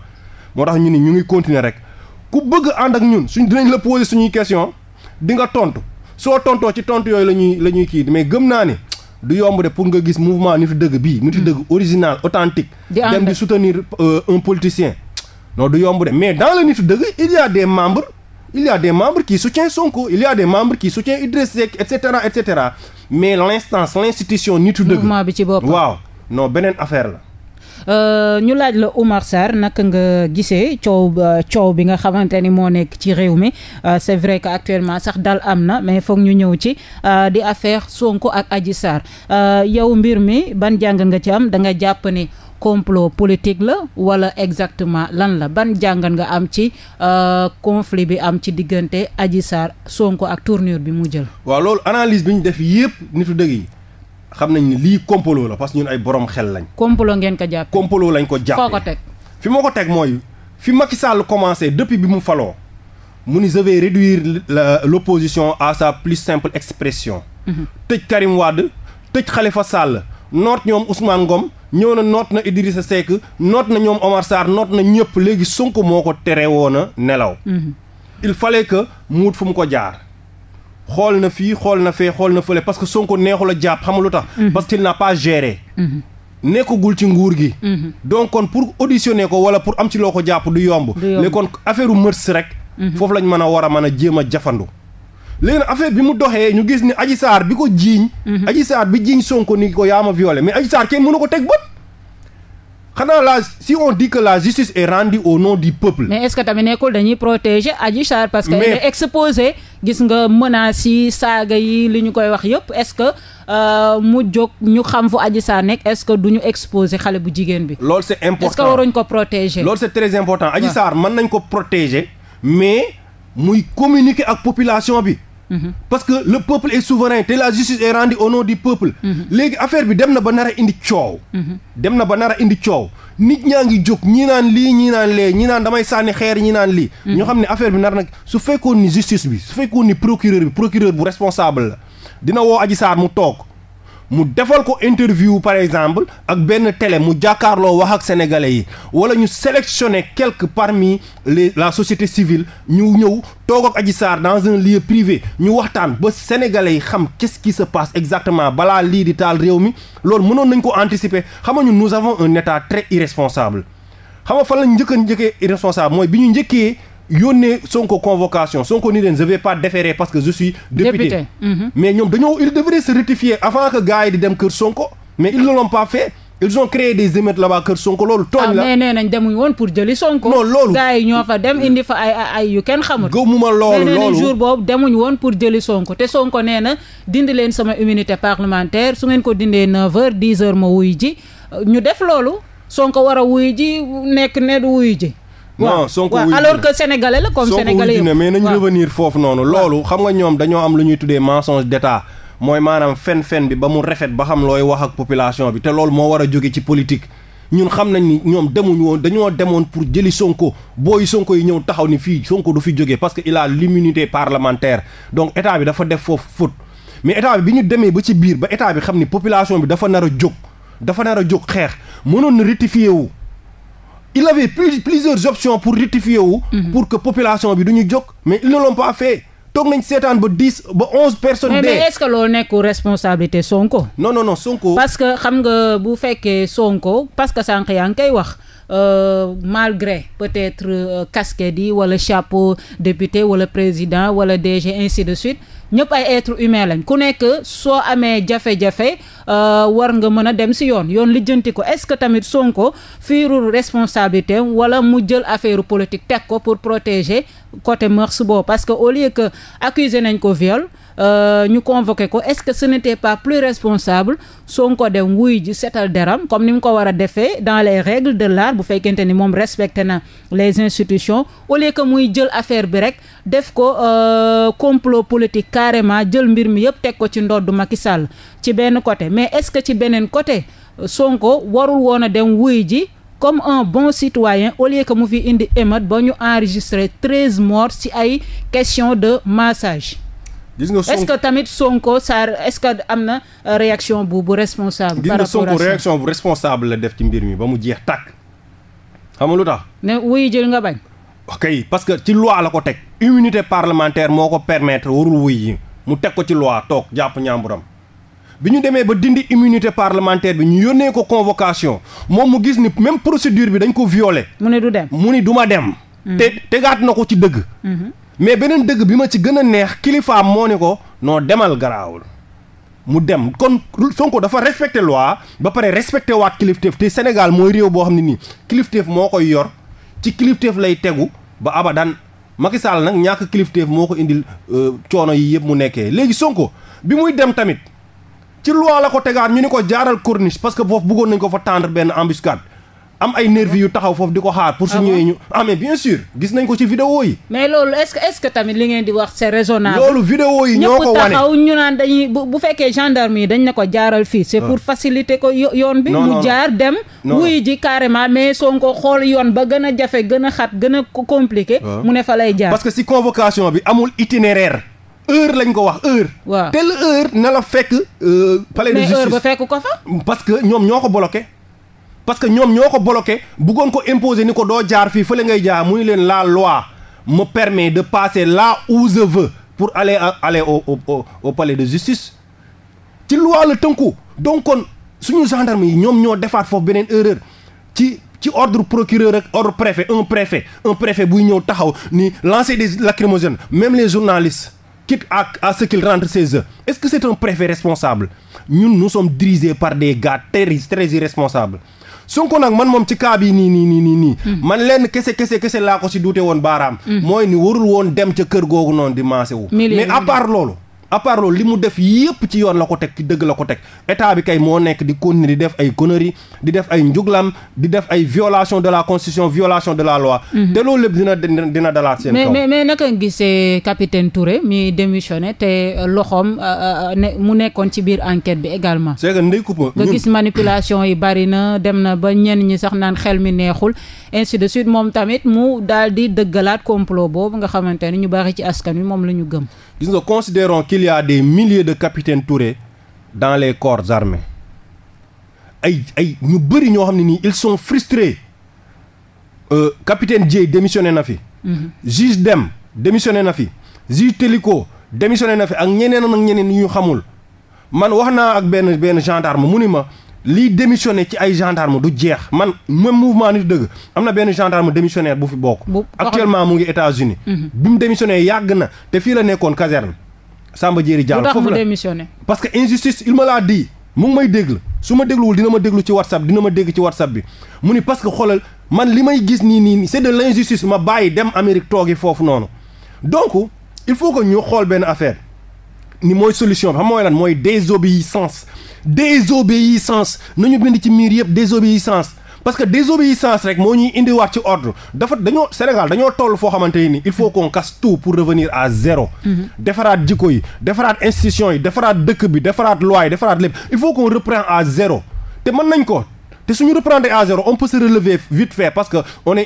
Speaker 2: moo tax ñu ni ñu ngi continuer rek ku bëgg ànd ak ñun suñ dinañ la poser suñuy question dinga tontu soo tontoo ci tontu yooyu la ñuy la ñuy kii mais gëm naa ni du yomb de pour nga gis mouvement nitu dëgg bii mu nitu dëgg mm. original authentique dem di soutenir euh, un politicien non du yomb de mais dans le nitu dëgg il y des membres Il y a des membres qui soutiennent Sonko, il y a des membres qui soutiennent Idriss Seck et cetera et cetera mais l'instance l'institution nitu dëgg. mouvement bi ci boppam waaw non beneen affaire la.
Speaker 1: Euh, ñu laaj la Oumar Sarr naka nga gisee coow euh, coow bi nga xamante ni moo nekk ci réew mi euh, c'est vrai que actuellement sax dal am na mais foog ñu ñëw ci di affaire Sonko ak Adji Sarr yow mbir mi ban jàng nga ci am da nga jàpp ni. complot politique la wala exactement lan la ban jàngat nga am ci euh, conflit bi am ci diggante Adji Sarr Sonko ak tournure bi mu jël.
Speaker 2: waaw loolu analyse bi ñu def yëpp nitu dëgg yi xam nañ ni lii complot la parce que ñun ay borom xel lañ.
Speaker 1: complot ngeen ko jàpp.
Speaker 2: complot lañ ko jàpp foo ko teg. fi ma ko teg mooy fi Macky Sall commencé depuis bi mu faloo mu ni je réduire la l'opposition à sa plus simple expression. Mhm. tëj Karim Wade tëj Khalifa Sall. noot ñoom Ousmane Ngom ñëw na noot na Idrissa Seck noot na ñoom Omar Sarr noot na ñëpp léegi Sonko moo ko tere woon a nelaw mhm. il fallait que muut wut fu mu ko jaar xool na fii xool na fee xool na fële parce que Sonko neexul a jàpp xam lu tax mhm. parce qu'il n'a pas géré mhm. nekkagul ci nguur gi donc kon pour auditionner ko wala pour am ci loo ko jàpp du yomb léegi kon affaire u mërs rek foofu lañ mën a war a mën a jéem a jafandu léegi nag affaire bi mu doxee ñu gis ni Adji Sarr bi ko jiiñ mhm. Adji Sarr bi jiiñ Sonko ni ko yaa ma violé mais Adji Sarr kenn mënu ko teg bët xanaa la si on dit que la justice est rendue au nom du peuple.
Speaker 1: mais est-ce que tamit nekkul dañuy protéger Adji Sarr parce que mais elle est gis nga menaces si saaga yi li ñu koy wax yëpp est-ce que euh, mu jóg ñu xam fu Adji Sarr nekk est-ce que du ñu exposé xale bu jigéen bi.
Speaker 2: loolu c'est important est-ce
Speaker 1: que ko protéger. loolu c'est très important Adji
Speaker 2: Sarr mën nañ ko protéger mais muy communiquer ak population bi. Mhm. parce que le peuple est souverain te la justice est rendue au nom mhm. léegi affaire bi dem na ba nara indi coow. Mhm. dem na ba nar indi coow nit ñaa ngi jóg ñi naan lii ñi naan lee ñi naan damay sànni xeer ñi naan lii. ñoo xam ne affaire bi nar nag su fekkoon ni justice bi su fekkoon ni procureur bi procureur bu responsable la dina woo aji Sarr mu toog. mu defal ko interview par exemple ak benn télé mu jàkkaarloo wax ak sénégalais yi wala ñu sélectionner quelque parmi les la société civile ñu ñëw toog ak Adji Sarr dans un lieu privé ñu waxtaan ba sénégalais yi xam qu'est-ce qui se passe exactement balaa lii di taal réew mi loolu mënoon nañ ko anticiper xam ñu nous avons un état très irresponsable xam nga fan la njëkk a njëkkee irresponsable mooy bi ñu njëkkee yónnee Sonko convocation Sonko ni leen je vais pas déférer parce que je suis député, mhm. mais ñoom dañoo il devrait se rectifier avant que gars yi dem kër Sonko mais ils ne l'ont pas fait ils ont créé des émeutes là-bas kër Sonko loolu tooñ ah, la mais
Speaker 1: nee nañ demuñ woon pour jëli Sonko non loolu ñoo fa dem indi fa ay ay kenn xamul gëmuma loolu loolu nee nañ jour demuñ woon pour jëli Sonko te Sonko nee na dindi leen sama immunité parlementaire su ngeen ko dindee 9 heures 10 heures ma wuy ji ñu def loolu Sonko war a wuy ji nekk ne du wuy ji non Sonko wuyu alors que sénégalais la comme sénégalais yi
Speaker 2: mais nañ revenir foofu noonu loolu xam nga ñoom dañoo am lu ñuy tuddee mensonge d'état mooy maanaam fen-fen bi ba mu rafet ba xam looy wax ak population bi te loolu moo war a jóge ci politique ñun xam nañ ni ñoom demuñ woon dañoo demoon pour jëli Sonko booy Sonko yi ñëw taxaw ni fii Sonko du fi jóge parce que il a l'immunité parlementaire donc état bi dafa def foofu faute mais état bi ñu demee ba ci biir ba état bi xam ni population bi dafa nar a jóg dafa nar a jóg xeex mënoon na rectifier wu il avait plus plusieurs options pour rectifier wu. Mhm. pour que population bi du ñu jóg. mais ils ne l'ont pas fait. toog nañ seetaan ba dix ba onze personnes. mais mais est-ce
Speaker 1: que loolu nekk responsabilité Sonko. non non non Sonko. parce que xam nga bu fekkee Sonko parce que sànq yaa ngi koy wax euh, malgré peut-être euh, casquette yi wala chapeau député wala président wala DG ainsi de suite. ñëpp ay être humain lañ ku nekk soo amee jafe-jafe euh, war nga mën a dem si yoon yoon lijjanti ko est-ce que tamit Sonko fiirul responsabilité wala mu jël affaire politique teg ko pour protéger côté mœurs boobu parce que au lieu que accuser nañ ko viol euh, ñu convoqué ko est-ce que ce te pas plus responsable Sonko dem wuy ji seetal deram comme ni mu ko war a defee dans les règles de l'art bu fekkente ni moom respecté na les institutions au lieu que muy jël affaire bi rek def ko euh, complot politique carrément jël mbir mi yëpp teg ko ci ndoddu Macky Sall ci benn côté mais est-ce que ci beneen côté Sonko warul woon a dem wuy ji comme un bon citoyen au lieu que mu fi indi émeute ba ñu enregistré treize morts ci ay question de massage gis nga est-ce tamit Sonko sa est-ce que am na euh, réaction bu bu responsable. par rapport
Speaker 2: bu responsable def ci mbir mi ba mu jeex tàkk xam lu tax. ne
Speaker 1: wuy jël nga bañ.
Speaker 2: ok parce que ci loi la ko teg immunité parlementaire moo ko permettre warul wuy yi mu teg ko ci loi toog jàpp ñaamburam bi ñu demee ba dindi immunité parlementaire bi ñu yónnee ko convocation moom mu gis ni même procédure bi dañ ko violé. mu ne du dem mu ni duma dem. Mm-hmm. te tegaat na ko ci dëgg. Mm-hmm. mais beneen dëgg bi ma ci gën a neex kilifaam moo ni ko noo demal garaawul. mu dem kon Sonko dafa respecté loi ba pare respecté waat kilifteef te Sénégal mooy réew boo xam ne nii kilifteef moo koy yor ci kilifteef lay tegu ba abadan Macky Sall nag ñàkk kilifteef moo ko indil euh, coono yi yëpp mu nekkee léegi Sonko bi muy dem tamit ci loi la ko tegaat ñu ni ko jaaral corniche parce que foofu bëggoon nañ ko fa tendre benn embuscade am ay nervi yu taxaw foofu di ko xaar pour su ah ñëwee ñu ah bien sûr gis nañ ko ci vidéo yi
Speaker 1: mais loolu est-ce que est-ce que tamit li ngeen di wax c'est raisonnable loolu vidéo yi ñoo ko wane ñu naan dañuy bu fekkee gendarme yi dañ ne ko jaaral fii c'est pour ah. faciliter ko yoon bi mu jaar dem wuy ji carrément mais Sonko xool yoon ba gën a jafe gën a xat gën a compliqué
Speaker 2: ah. mu ne fa lay jaar parce que si convocation bi amul itinéraire heure lañ ko wax heure. waa telle heure na la fekk. Euh, palais de justice mais heure ba ko fa. parce que ñoom ñoo ko bloqué. parce que ñoom ñoo ko bloqué bëggoon ko imposer ni ko doo jaar fii fële ngay jaar mu ni leen la loi me permet de passer là où je veux pour aller aller au au au, au palais de justice ci loi la tënku donc kon suñu gendarme yi ñoom ñoo defaat foofu beneen erreur ci ci ordre procureur ak ordre préfet un préfet un préfet buy ñëw taxaw ni lancer des lacrymogènes même les journalistes quitte à à ce qu'il rentre chez eux est-ce que c'est un préfet responsable ñun nous sommes dirigés par des gars très très irresponsables Sonko nag man moom ci cas bi nii nii nii nii nii hmm. man lenn kese kese kese laa ko si duute woon baaraam moy hmm. ni warul woon dem ca kër googu noon di maase wu mais à part loolu à part loolu li mu def yépp ci yoon la ko teg ci dëgg la ko teg état bi kay moo nekk di continuer di def ay conneries di def ay njuglam di def ay violation de la constitution violation de la loi. Mhm. te loolu lépp dina dina dalaat seen kaw. mais
Speaker 1: mais naka nga gisee capitaine Touré mi te loxoom euh, euh, ne mu nekkoon ci biir enquête bi également. c'est que
Speaker 2: nga gis
Speaker 1: manipulation yi bari na dem na ba ñenn ñi sax naan xel mi neexul ainsi de suite moom tamit mu daal di dëggalaat complot boobu nga xamante ne ñu bari ci askan wi moom la ñu gëm.
Speaker 2: gis nga considérons qu'il y a des milliers de capitaines Touré dans les corps armés ay ay ñu bëri ñoo xam ne nii ils sont frustrés euh, capitaine Dièye démissionné na fi mhm. juge Dème démissionné na fi juge Téliko démissionné na fi ak ñeneen ak ñeneen yu ñu xamul man wax naa ak benn benn gendarme mu ni ma lii démissionné ci ay gendarme du jeex man même mouvement nit dëgg am na benn gendarme démissionnaire bu fi bokk actuellement mu ngi États-Unis mhm. bi mu yàgg na te fii la nekkoon caserne Samba Diéry Diallo foofu la parce que injustice il me l'a dit may déglu su ma dégluwul dina ma déglu ci whatsapp dina ma dégg ci whatsapp bi mu ni parce que xoolal man li may gis nii nii c'est de l'injustice ma bàyyi dem Amérique toogi foofu noonu donc il faut que ñu xool benn affaire ni mooy solution bi xam mooy lan mooy désobéissance désobéissance nañu bind ci miir yëpp désobéissance parce que désobéissance rek moo ñuy indiwaat ci ordre dafa dañoo Sénégal dañoo toll foo xamante ni il faut qu'on casse tout pour revenir à zéro mm-hmm. defaraat jikko yi defaraat institution yi defaraat dëkk bi defaraat loi yi defaraat lépp il faut qu'on reprend à zéro te mën nañ ko te suñu reprendre à zéro on peut se vite fait parce que on est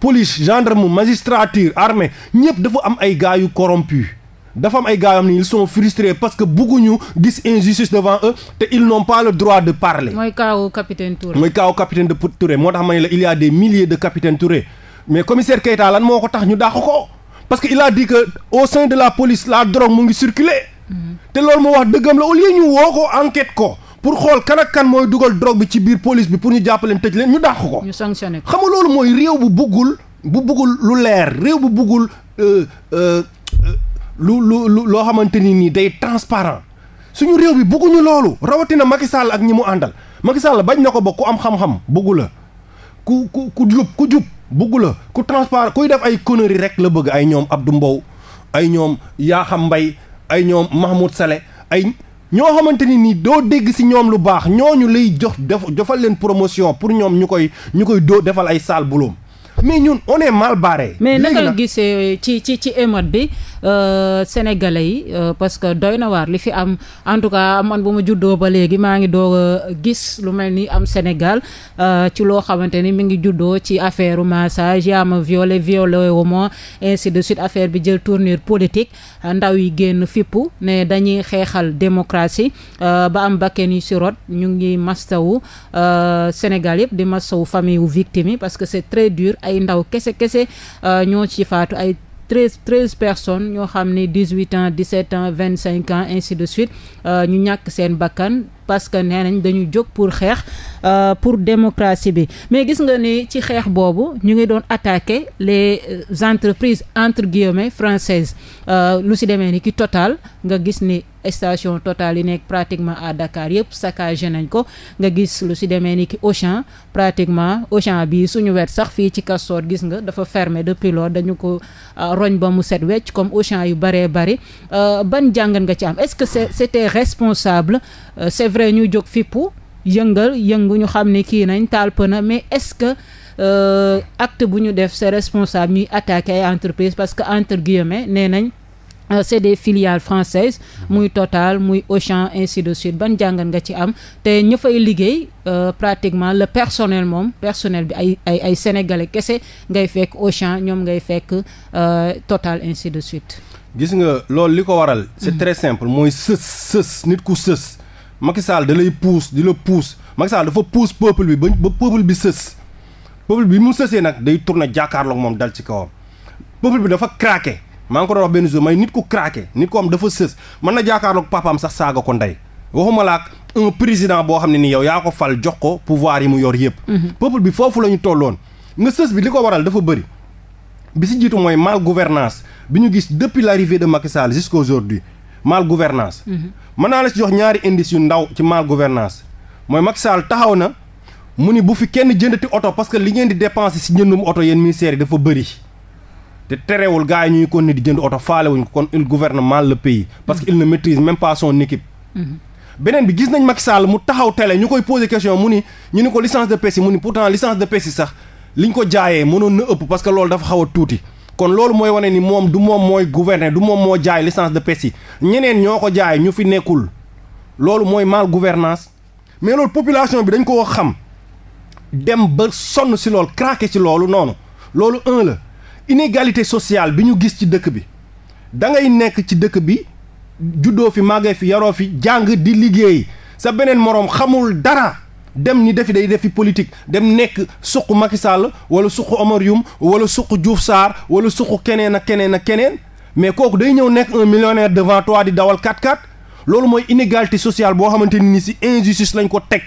Speaker 2: police gendarme magistrature armée ñëpp dafa am ay gars yu corrompus dafa am ay gars yoo xam ne ils sont frustrés parce que bëgguñu gis injustice devant eux te ils n'ont pas le droit de parler.
Speaker 1: mooy kaawu capitaine Touré.
Speaker 2: mooy kaawu capitaine de Touré moo tax ma la il y a milliers de capitaine Touré mais commissaire Keita lan moo ko tax ñu dàq ko parce que il di dit que au sein de la police la drogue mu ngi circuler. Mm-hmm. te loolu moo wax dëggam la au ñu woo ko enquête ko. pour xool kan kan mooy dugal drogue bi ci biir polis bi pour ñu jàppaleen leen tëj leen ñu dàq ko. ñu
Speaker 1: sanctionné ko
Speaker 2: loolu mooy réew bu buggul bu buggul lu leer réew bu buggul euh, euh, lu lu loo xamante ni nii day transparent suñu réew bi bugguñu loolu rawatina Macky Sall ak ñi mu àndal Macky Sall bañ na ko ba ku am xam-xam buggu la ku ku ku jub ku jub buggu la ku transparent kuy def ay conneries rek la bëgg ay ñoom ab du Mbow ay ñoom yaa xam mbay ay ñoom Mahmoud Saleh ay. ñoo xamante ni nii doo dégg si ñoom lu baax ñoo ñu lay jox def defal leen promotion pour ñoom ñu koy ñu koy doo defal ay saal buloom mais ñun on est mal barré. mais naka
Speaker 1: gisee ci ci ci émeute bi. Euh, sénégalais yi euh, parce que doy na waar li fi am en tout cas man bu ma juddoo ba léegi maa ngi doo gis lu mel ni am Sénégal euh, ci loo xamante ni mi ngi juddoo ci affaire massage yaa ma violé violé wu ma de suite affaire bi jël tournure politique ndaw yi génn fippu ne dañuy xeexal démocratie ba am bakkeen yu si rot ñu ngi mastawu Sénégal yëpp di mastawu famille wu victime yi parce que c'est très dur ay ndaw kese kese ñoo ci faatu ay treize treize personnes ñoo xam ne dix huit ans dix sept ans vingt cinq ans ainsi de suite euh, ñu ñàkk seen bakkan parce que nee nañ dañu jóg pour xeex. Euh, pour démocratie bi mais gis nga ni ci xeex boobu ñu ngi doon attaquer les euh, entreprises entre guillemets françaises euh, lu si demee ni ki Total nga gis ni station Total yi nekk pratiquement à Dakar yëpp saccagé nañ ko nga gis lu si demee ni ki Auchan pratiquement Auchan bii suñu wet sax fii ci Castor gis nga dafa fermé depuis loolu dañu ko roñ ba mu set wecc comme Auchan yu bëree bëri ban jàngat nga ci am est-ce que c'est c'était responsable c'est vrai ñu jóg fippu yëngal yëngu ñu xam ne kii nañ taal pëna mais est-ce que euh, acte bu ñu def c'est responsable ñuy attaquer ay entreprise parce que entre guillemets nee nañ Euh, c'est des filiales françaises mm-hmm. muy Total muy Auchan ainsi de suite ban jàngat nga ci am te ña fay liggéey euh, pratiquement le personnel moom personnel bi ay ay ay sénégalais kese ngay fekk Auchan ñoom ngay fekk euh, Total inci de suite.
Speaker 2: gis nga loolu li ko waral. c'est mm -hmm. très simple mooy sës sës nit ku sës. Macky Sall da lay puus di la puus Macky Sall dafa puus peuple bi ba ba peuple bi sës peuple bi mu sësee nag day tourné jàkkaarloog moom dal ci kawam peuple bi dafa craqué maa ngi ko doon benn jour may nit ko craqué nit ko am dafa sës mën na jàkkaarloog papaam sax saaga ko ndey waxuma laak un président boo xam ne ni yow yaa ko fal jox ko pouvoir yi mu yor yëpp. Mhm. peuple bi foofu la ñu tolloon nga sës bi li ko waral dafa bëri bi si jiitu mooy mal gouvernance bi ñu gis depuis l' arrivée de Macky Sall jusqu' aujourd'hui mal gouvernance mën naa la si jox ñaari indice yu ndaw ci mal gouvernance mooy Macky Sall taxaw na mu ni bu fi kenn jëndati oto parce que li ngeen di dépenser si njëndum oto yéen ministère yi dafa bëri te terewul gars yi ñuy continuer di jënd oto faale wu ko kon il gouverne mal le pays parce que il ne maîtrise même pas beneen bi gis nañ Macky mu taxaw télé ñu koy poser question mu ni ñu ni ko licence de pêche yi mu ni pourtant licence de pêche yi sax liñ ko jaayee mënoon na ëpp parce que loolu dafa xaw tuuti kon loolu mooy wane ni moom du moom mooy gouverner du moom moo jaay licence de pêche ñeneen ñoo ko jaay ñu fi nekkul loolu mooy mal gouvernance mais loolu bi dañ ko xam dem ba sonn si lool craqué ci loolu noonu loolu un la inégalité sociale bi ñu gis ci dëkk bi da ngay nekk ci dëkk bi juddoo fi màggee fi yaroo fi jàng di liggéey sa beneen moroom xamul dara dem ni defi day defi politique dem nekk suq Macky Sall wala suq Omar Youm wala suq Diouf Sarr wala suq keneen ak keneen ak keneen mais kooku day ñëw nekk un de devant toi di dawal 4 x loolu mooy inégalité sociale boo xamante ni si injustice lañ ko teg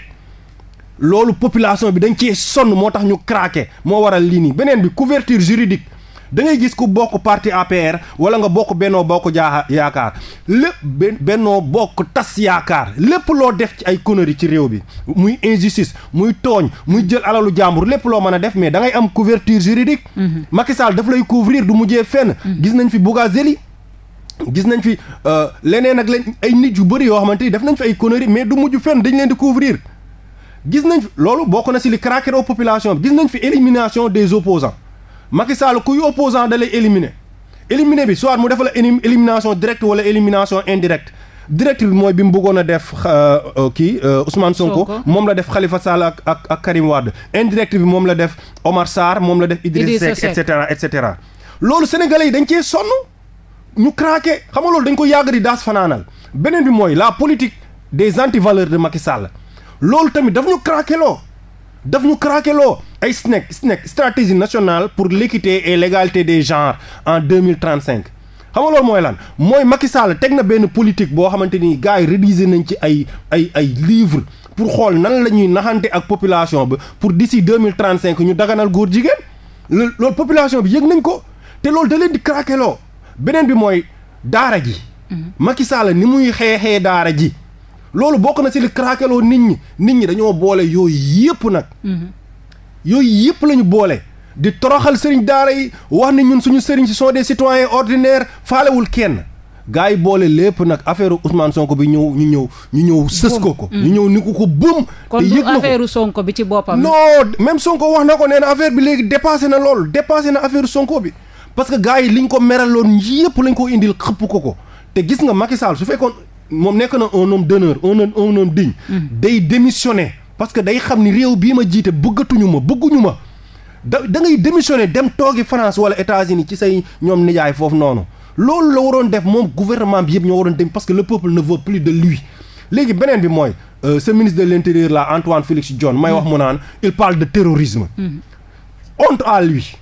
Speaker 2: loolu population bi dañ cee sonn moo tax ñu craqué moo waral lii nii beneen bi couverture juridique da ngay gis ko bokk parti APR wala nga bokk bennoo bokk jaaxa yaakaar lépp bennoo bokk tas yaakaar lépp loo def ci ay conneries ci réew bi muy injustice muy tooñ muy jël alalu jàmbur lépp loo mën a def mais da ngay am couverture juridique. Mhm. Macky def daf lay couvrir du mujjee fenn. Mhm. gis nañ fi Bougazeli gis nañ fi euh, leneen ak leen ay nit yu bëri yoo xamante ni def nañ fi ay conneries mais du mujj fenn dañ leen di couvrir. gis nañ fi loolu bokk na si li craquer aux population bi nañ fi élimination des opposants Macky Sall kuy opposant da lay éliminer éliminer bi soit mu defal la élimination directe wala élimination indirecte directe bi mooy bi mu bëggoon a def euh, kii euh, Ousmane Sonko moom la def Khalifa Sall ak ak ak Karim Wade indirecte bi moom la def Omar Sarr moom la def Idrissa Seck et cetera et cetera loolu sénégalais yi dañ cee sonn ñu craqué xam nga loolu dañ ko yàgg di daas fanaanal beneen bi mooy la politique des anti-valeurs de Macky Sall loolu tamit dafa ñu craqué loo daf ñu craqué loo ay SNEC SNEC stratégie national pour l'équité et l'égalité des genres en deux mille trente cinq xam nga loolu mooy lan mooy Macky Sall teg na benn politique boo xamante ni gars yi rédiger nañ ci ay ay ay livres pour xool nan la ñuy naxante ak population bi pour d'ici deux mille trente cinq ñu daganal góor jigéen loolu population bi yëg nañ ko te loolu da leen di beneen bi mooy daara ji mm-hmm. Macky Sall ni muy xeexee daara ji loolu bokk na ci li craqueloo nit ñi nit ñi dañoo boole yooyu yépp nag mm-hmm. yooyu yëpp lañu boole di toroxal sëriñ daara yi wax ne ñun suñu sëriñ si sont des citoyens ordinaires faalewul kenn gars yi boole lépp nag affaire Ousmane Sonko bi ñëw ñu ñëw ñu ñëw sës ko ko ñu ñëw ni ko ko buum kon du
Speaker 1: affaire Sonko bi ci boppam noo
Speaker 2: même Sonko wax na ko nee na affaire bi léegi dépassé na loolu dépassé na affaire Sonko bi parce que gars yi liñ ko meraloon yëpp lañ ko indil xëppu ko ko te gis nga Macky Sall su fekkoon moom nekk na un homme d'honneur un homme diñ mm. day démissionné parce que day xam ni réew bii ma jiite bëggatuñu ma bëgguñu ma da da ngay démissionner dem toogi France wala États-Unis ci say ñoom nijaay foofu noonu loolu la waroon def moom gouvernement bi yëpp ñoo waroon dem parce que le peuple ne veut plus de lui léegi beneen bi mooy euh, ce ministre de l'intérieur là Antoine Félix Diome may wax mu naan il parle de terrorisme mm-hmm. honte à lui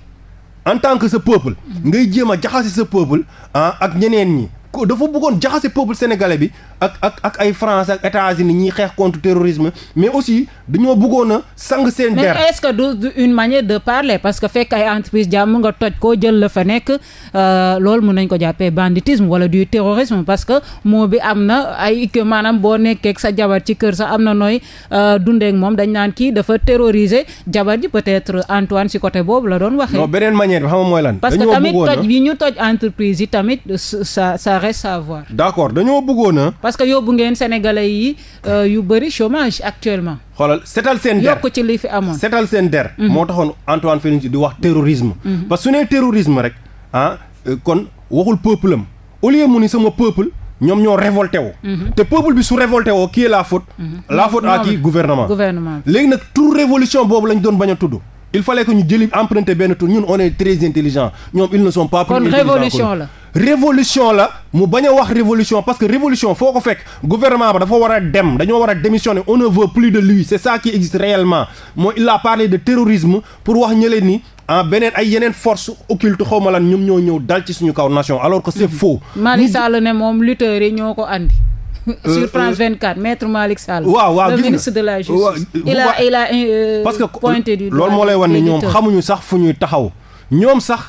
Speaker 2: en tant que ce peuple mm-hmm. ngay jéem a jaxase sa peuple ah ak ñeneen ñi dafa bëggoon jaxase peuple sénégalais bi ak ak ak ay France ak États-Unis ñiy xeex contre terrorisme mais aussi dañoo bëggoon a sang seen der mais
Speaker 1: est-ce que du une manière de parler parce que fekk ay entreprise jàmm nga toj ko jël la fa nekk euh, loolu mun nañ ko jàppee banditisme wala du terrorisme parce que moo bi am na ay que maanaam boo nekkee sa jabar ci kër sa am na nooy euh, dundeek moom dañ naan kii dafa terroriser jabar ji peut-être Antoine si côté boobu la doon waxee. non
Speaker 2: beneen manière
Speaker 1: bi xam reste à voir.
Speaker 2: d' accord dañoo bëggoon a.
Speaker 1: parce que yóbbu ngeen sénégalais yi euh, yu bëri chômage actuellement.
Speaker 2: xoolal setal seen der yokk ci li fi amoon. setal mhm. moo taxoon Antoine Félix di wax terrorisme. Mhm. parce que su nee terrorisme rek ah euh, kon waxul peuple am au lieu mu ni sama peuple. ñoom ñoo révolté woo. Mhm. te peuple bi su révolté woo qui est la faute. la faute à qui nag tout révolution boobu lañ doon bañ il fallait que ñu jëli emprunté benn tur ñun on est très ñoom ils ne sont pas. révolution la mu bañ a wax révolution parce que révolution foo ko fekk gouvernement ba dafa war a dem dañoo war a démissionner on ne veut plus de lui c'est ça qui existe réellement mooy il a de terrorisme pour wax ñële ni ah beneen ay yeneen force occulte xaw ma lan ñoom ñoo ñëw dal ci suñu kaw nation alors que c'est mhm. faux.
Speaker 1: Malick Sall ne moom lutteurs yi ñoo ko andi. Euh, [LAUGHS] sur euh, France 24 maître Malick Sall. waaw la justice. Euh, il a loolu moo lay wan ne ñoom xamuñu
Speaker 2: sax fu ñuy taxaw ñoom sax.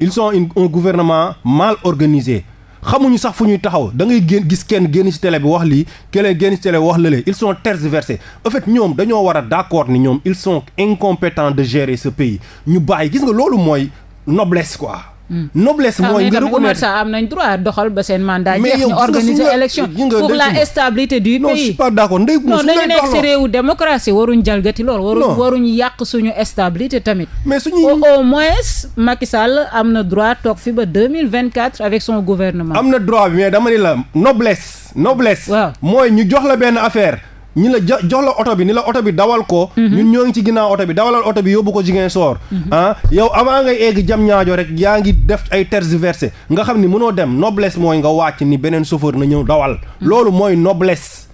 Speaker 2: ils ont une un gouvernement mal organisé xamuñu sax fu ñuy taxaw da ngay génn gis kenn génn ci télé bi wax lii keneen génn ci télé bi wax lële ils sont tergiversés en fait ñoom dañoo war a d'accord ni ñoom ils son incompétents de gérer ce pays ñu bàyyi gis nga loolu mooy noblesse quoi Mm. noblesse mooy nga reconnaître ça am nañ droit
Speaker 1: doxal ba seen mandat jeex ñu organiser élection pour la stabilité
Speaker 2: du pays non je suis pas d'accord ndey non dañu nekk si réewu
Speaker 1: démocratie waruñ jalgati lool waruñ waruñ yàq suñu stabilité tamit mais suñu au moins Macky Sall am na droit toog fi ba 2024 avec son
Speaker 2: gouvernement am na droit bi mais dama ni la noblesse noblesse mooy ñu jox la benn affaire ñi la jox la oto bi ni la oto bi dawal ko. Mhm. ñun ñoo ngi ci ginnaaw oto bi dawalal oto bi yóbbu ko Ziguinchor. Mhm. ah yow avant ngay egg jam ñaajo rek yaa ngi def ay tergiversé nga xam ni mënoo dem noblesse mooy nga wàcc ni beneen chauffeur na ñëw dawal. Mhm. loolu mooy noblesse.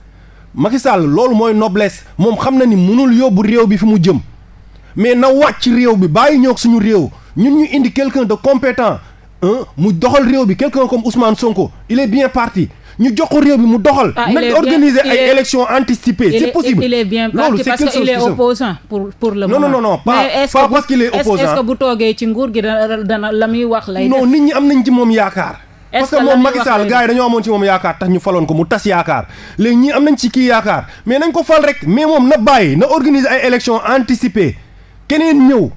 Speaker 2: Macky Sall loolu mooy nobles moom xam na ni mënul yóbbu réew bi fi mu jëm mais na wàcc réew bi bàyyi ñëw suñu réew ñun ñu indi quelqu'un de compétent mu doxal réew bi quelqu'un comme Ousmane Sonko il est bien parti. ñu jox ko réew mi mu doxal. ah il est bien organiser ay élections anticipées c'est possible. il est
Speaker 1: pour pour le moment. non non toogee ci nguur gi dana dana wax lay. non nit
Speaker 2: ñi am nañ ci moom yaakaar. parce que moom Macky Sall yi dañoo amoon ci moom yaakaar tax ñu faloon ko mu tas yaakaar léegi ñii am nañ ci kii yaakaar mais nañ ko fal rek mais moom na bàyyi na organiser ay élections anticipées keneen ñëw.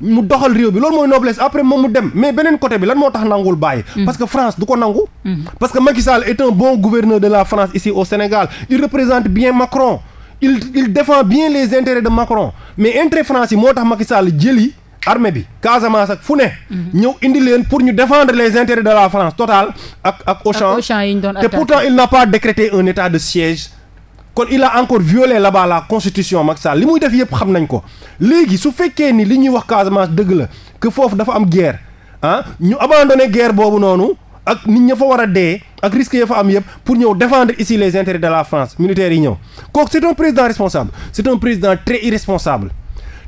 Speaker 2: mu doxal réew bi loolu mooy noblesse après moom mu dem mais beneen côté bi lan moo tax nanguwul bàyyi. Mm. parce que France du ko nangu. Mm. parce que Macky Sall est un bon gouverneur de la France ici au Sénégal il représente bien Macron il défend bien les intérêts de Macron mais intérêt France yi moo tax Macky Sall jëli. armée bi Casamance ak fu ne. Mm. ñëw indi leen pour ñu défendre les intérêts de la France Total ak ak Auchan. ak Auchan yi ñu te pourtant il n'a pas décrété un état de siège. kon il a encore violé là-bas la constitution Macky Sall li muy def yëpp xam nañ ko léegi su fekkee ni li ñuy wax Casamance dëgg la que foofu dafa am guerre ah ñu abandonné guerre boobu noonu ak nit ña fa war a dee ak risque ya fa am yëpp pour ñëw défendre ici les intérêts de la France militaires yi ñëw kooku c'est un président responsable c'est un président très irresponsable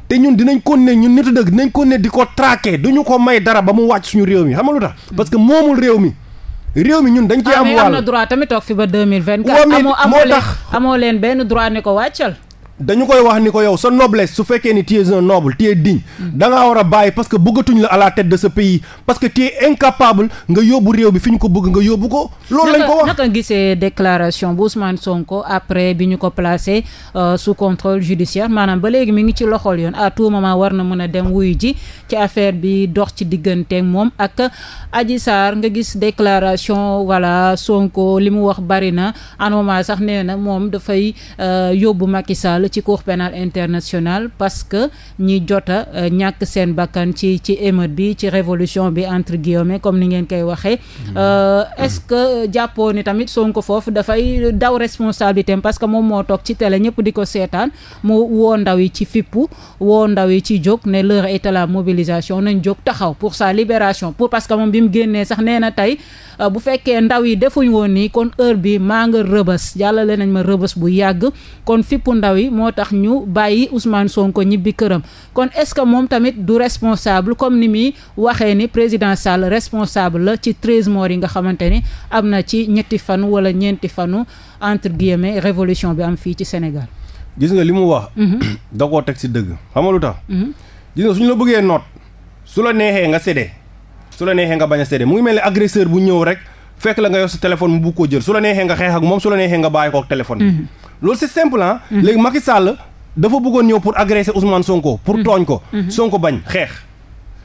Speaker 2: te ñun dinañ kon ne ñun nitu dëgg dinañ ko ne di ko traquer duñu ko may dara ba mu wàcc suñu réew mi xam nga lu parce que moomul réew mi réew mi ñun dañ ci am ah, wàll am na
Speaker 1: droit tamit toog fi ba deux mille vingt quatre. moo leen benn droit ne ko wàccal.
Speaker 2: dañu koy wax ni ko yow sa noblesse su fekkee ni tu es un noble tu es digne da war a bàyyi parce que buggatuñ la à la tête de ce pays parce que tu es incapable nga yóbbu réew bi fi ñu ko bëgg nga yóbbu ko. loolu lañ ko wax
Speaker 1: naka gisee déclaration bu Ousmane Sonko après bi ñu ko placé euh, sous contrôle judiciaire maanaam ba léegi mi ngi ci loxol yoon à tout moment war na mën a dem wuy ji ci affaire bi dox ci digganteeg moom ak Adji nga gis déclaration voilà Sonko li mu wax bari na en sax nee na moom dafay euh, yóbbu Macky Sall wala ci cour pénale internationale parce que ñi jot euh, ñàkk seen bakkan ci ci émeute bi ci révolution bi entre guillemets comme ni ngeen koy waxee mm-hmm. euh, est-ce que euh, jàppoo ni tamit Sonko foofu dafay daw responsabilité parce que moom moo toog ci télé ñëpp di ko seetaan mu woo ndaw yi ci fippu woo ndaw yi ci jóg ne l'heure est la mobilisation nañ jóg taxaw pour sa libération pour parce moom bi mu génnee sax nee tey Euh, bu fekkee ndaw yi defuñ woon nii kon heure bi maa nga rëbës jàllale nañ ma rëbës bu yàgg kon fippu ndaw yi moo tax ñu bàyyi Ousmane Sonko ñibbi këram kon est-ce que moom tamit du responsable comme ni muy waxee ni président Sall responsable la ci treize yi nga xamante ni am na ci ñetti fan wala ñeenti fanu entre guillemets révolution bi am fii ci Sénégal.
Speaker 2: gis nga li mu wax. Mhm. [CLEARS THROAT] da koo teg si dëgg xam tax. Mhm. gis nga suñu la bëggee noot su la neexee nga séddee. su la neexee nga bañ a seede mu ngi mel ni agresseur bu ñëw rek fekk la nga yor sa téléphone mu bugg jël su la neexee nga xeex ak moom su la neexee nga bàyyi ko ak téléphone. si mhm. c'est simple ah. léegi Macky sàll dafa bëggoon ñëw pour agresser Ousmane Sonko. pour mhm. tooñ ko. Sonko bañ xeex.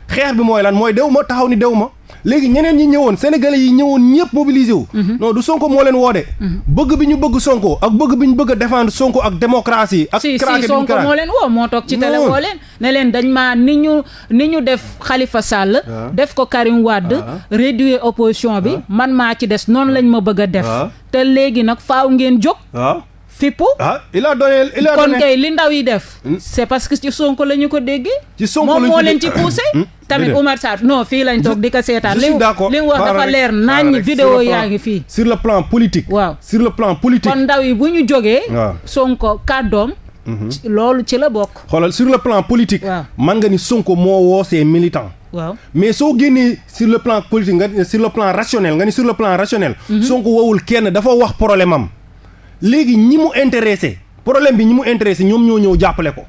Speaker 2: xeex bi mooy lan mooy dew ma taxaw ni dew ma. léegi ñeneen ñi ñëwoon sénégalais yi ñëwoon ñëpp mobilisé wu mhm. non du sonko moo leen woode mhm. bëgg bi ñu bëgg sonko ak bëgg bi ñu bëgg a sonko ak démocratie ak craqué bi sonko moo leen
Speaker 1: woo moo toog ci télé woo leen ne leen dañ maa ni ñu ni ñu def xalifa Sall ah. def ko Karim Wade ah. réduire opposition bi ah. man maa ci des noonu lañ ma bëgg a def te léegi nag faaw ngeen jóg
Speaker 2: fippu ah
Speaker 1: il a donné il kon kay li ndaw yi def. Hmm? c'est parce que ci Sonko la ñu ko dégg ci Sonko moom moo leen ci poussé. Hmm? Hmm? tamit Oumar Sarr non di ko seetaan. li mu wax dafa leer naañ ngi
Speaker 2: fii. sur le plan politique. waaw sur le plan politique. ndaw yi bu ñu jógee. waaw Sonko kàddoom. Mhm. loolu ci la bokk. xoolal sur le plan politique. waaw man nga ni Sonko moo woo ses militants. waaw mais soo génnee sur le plan politique nga sur le plan rationnel nga ni sur le plan rationnel. Mhm. Sonko woowul kenn dafa wax problème am. léegi ñi mu intéressé problème bi ñi mu intéressé ñoom ñoo ñëw jàppale ko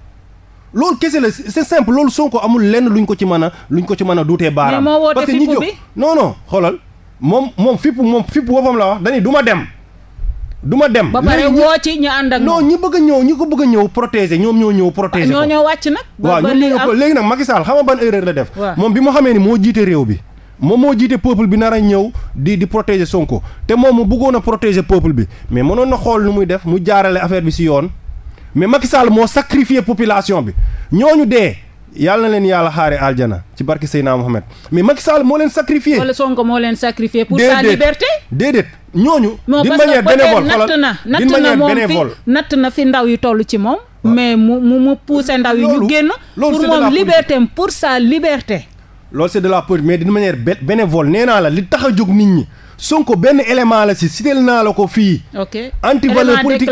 Speaker 2: loolu kese la c'est simple loolu Sonko amul lenn luñ ko ci mën a luñ ko ci mën a duutee baaraam parce que ñi jóg non non xoolal moom moom fipp moom fipp boppam la wax dañuy du ma dem du ma dem ba pare woo ci ñu ànd ak non ñi bëgg ko bëgg ñëw protéger ñoo ñëw protéger ko ñoo ñëw wàcc
Speaker 1: nag waaw ñoom léegi nag Macky Sall xam
Speaker 2: nga ban erreur la def moom bi mu xamee ni moo jiite réew bi moom moo jiite peuple bi nar a ñëw di di protéger Sonko te moom mu bëggoon a protéger peuple bi mais mënoon na xool nu muy def mu jaarale affaire bi si yoon mais Macky Sall moo sacrifié population bi ñooñu dee yàlla na leen yàlla xaare aljana ci barke Seydina Mohamed mais Macky Sall moo leen sacrifié.
Speaker 1: wala moo leen sacrifié. pour sa liberté
Speaker 2: déedéet ñooñu. d'une manière bénévole xoolal d'une manière bénévole
Speaker 1: natt na fi ndaw yi tollu ci moom. mais mu mu mu poussé ndaw yi ñu génn. pour moom liberté pour
Speaker 2: loolu c'est de la peur mais d'une manière bénévole nee naa la li tax a jóg nit ñi Sonko benn élément la si siteel naa la ko fii. ok la politique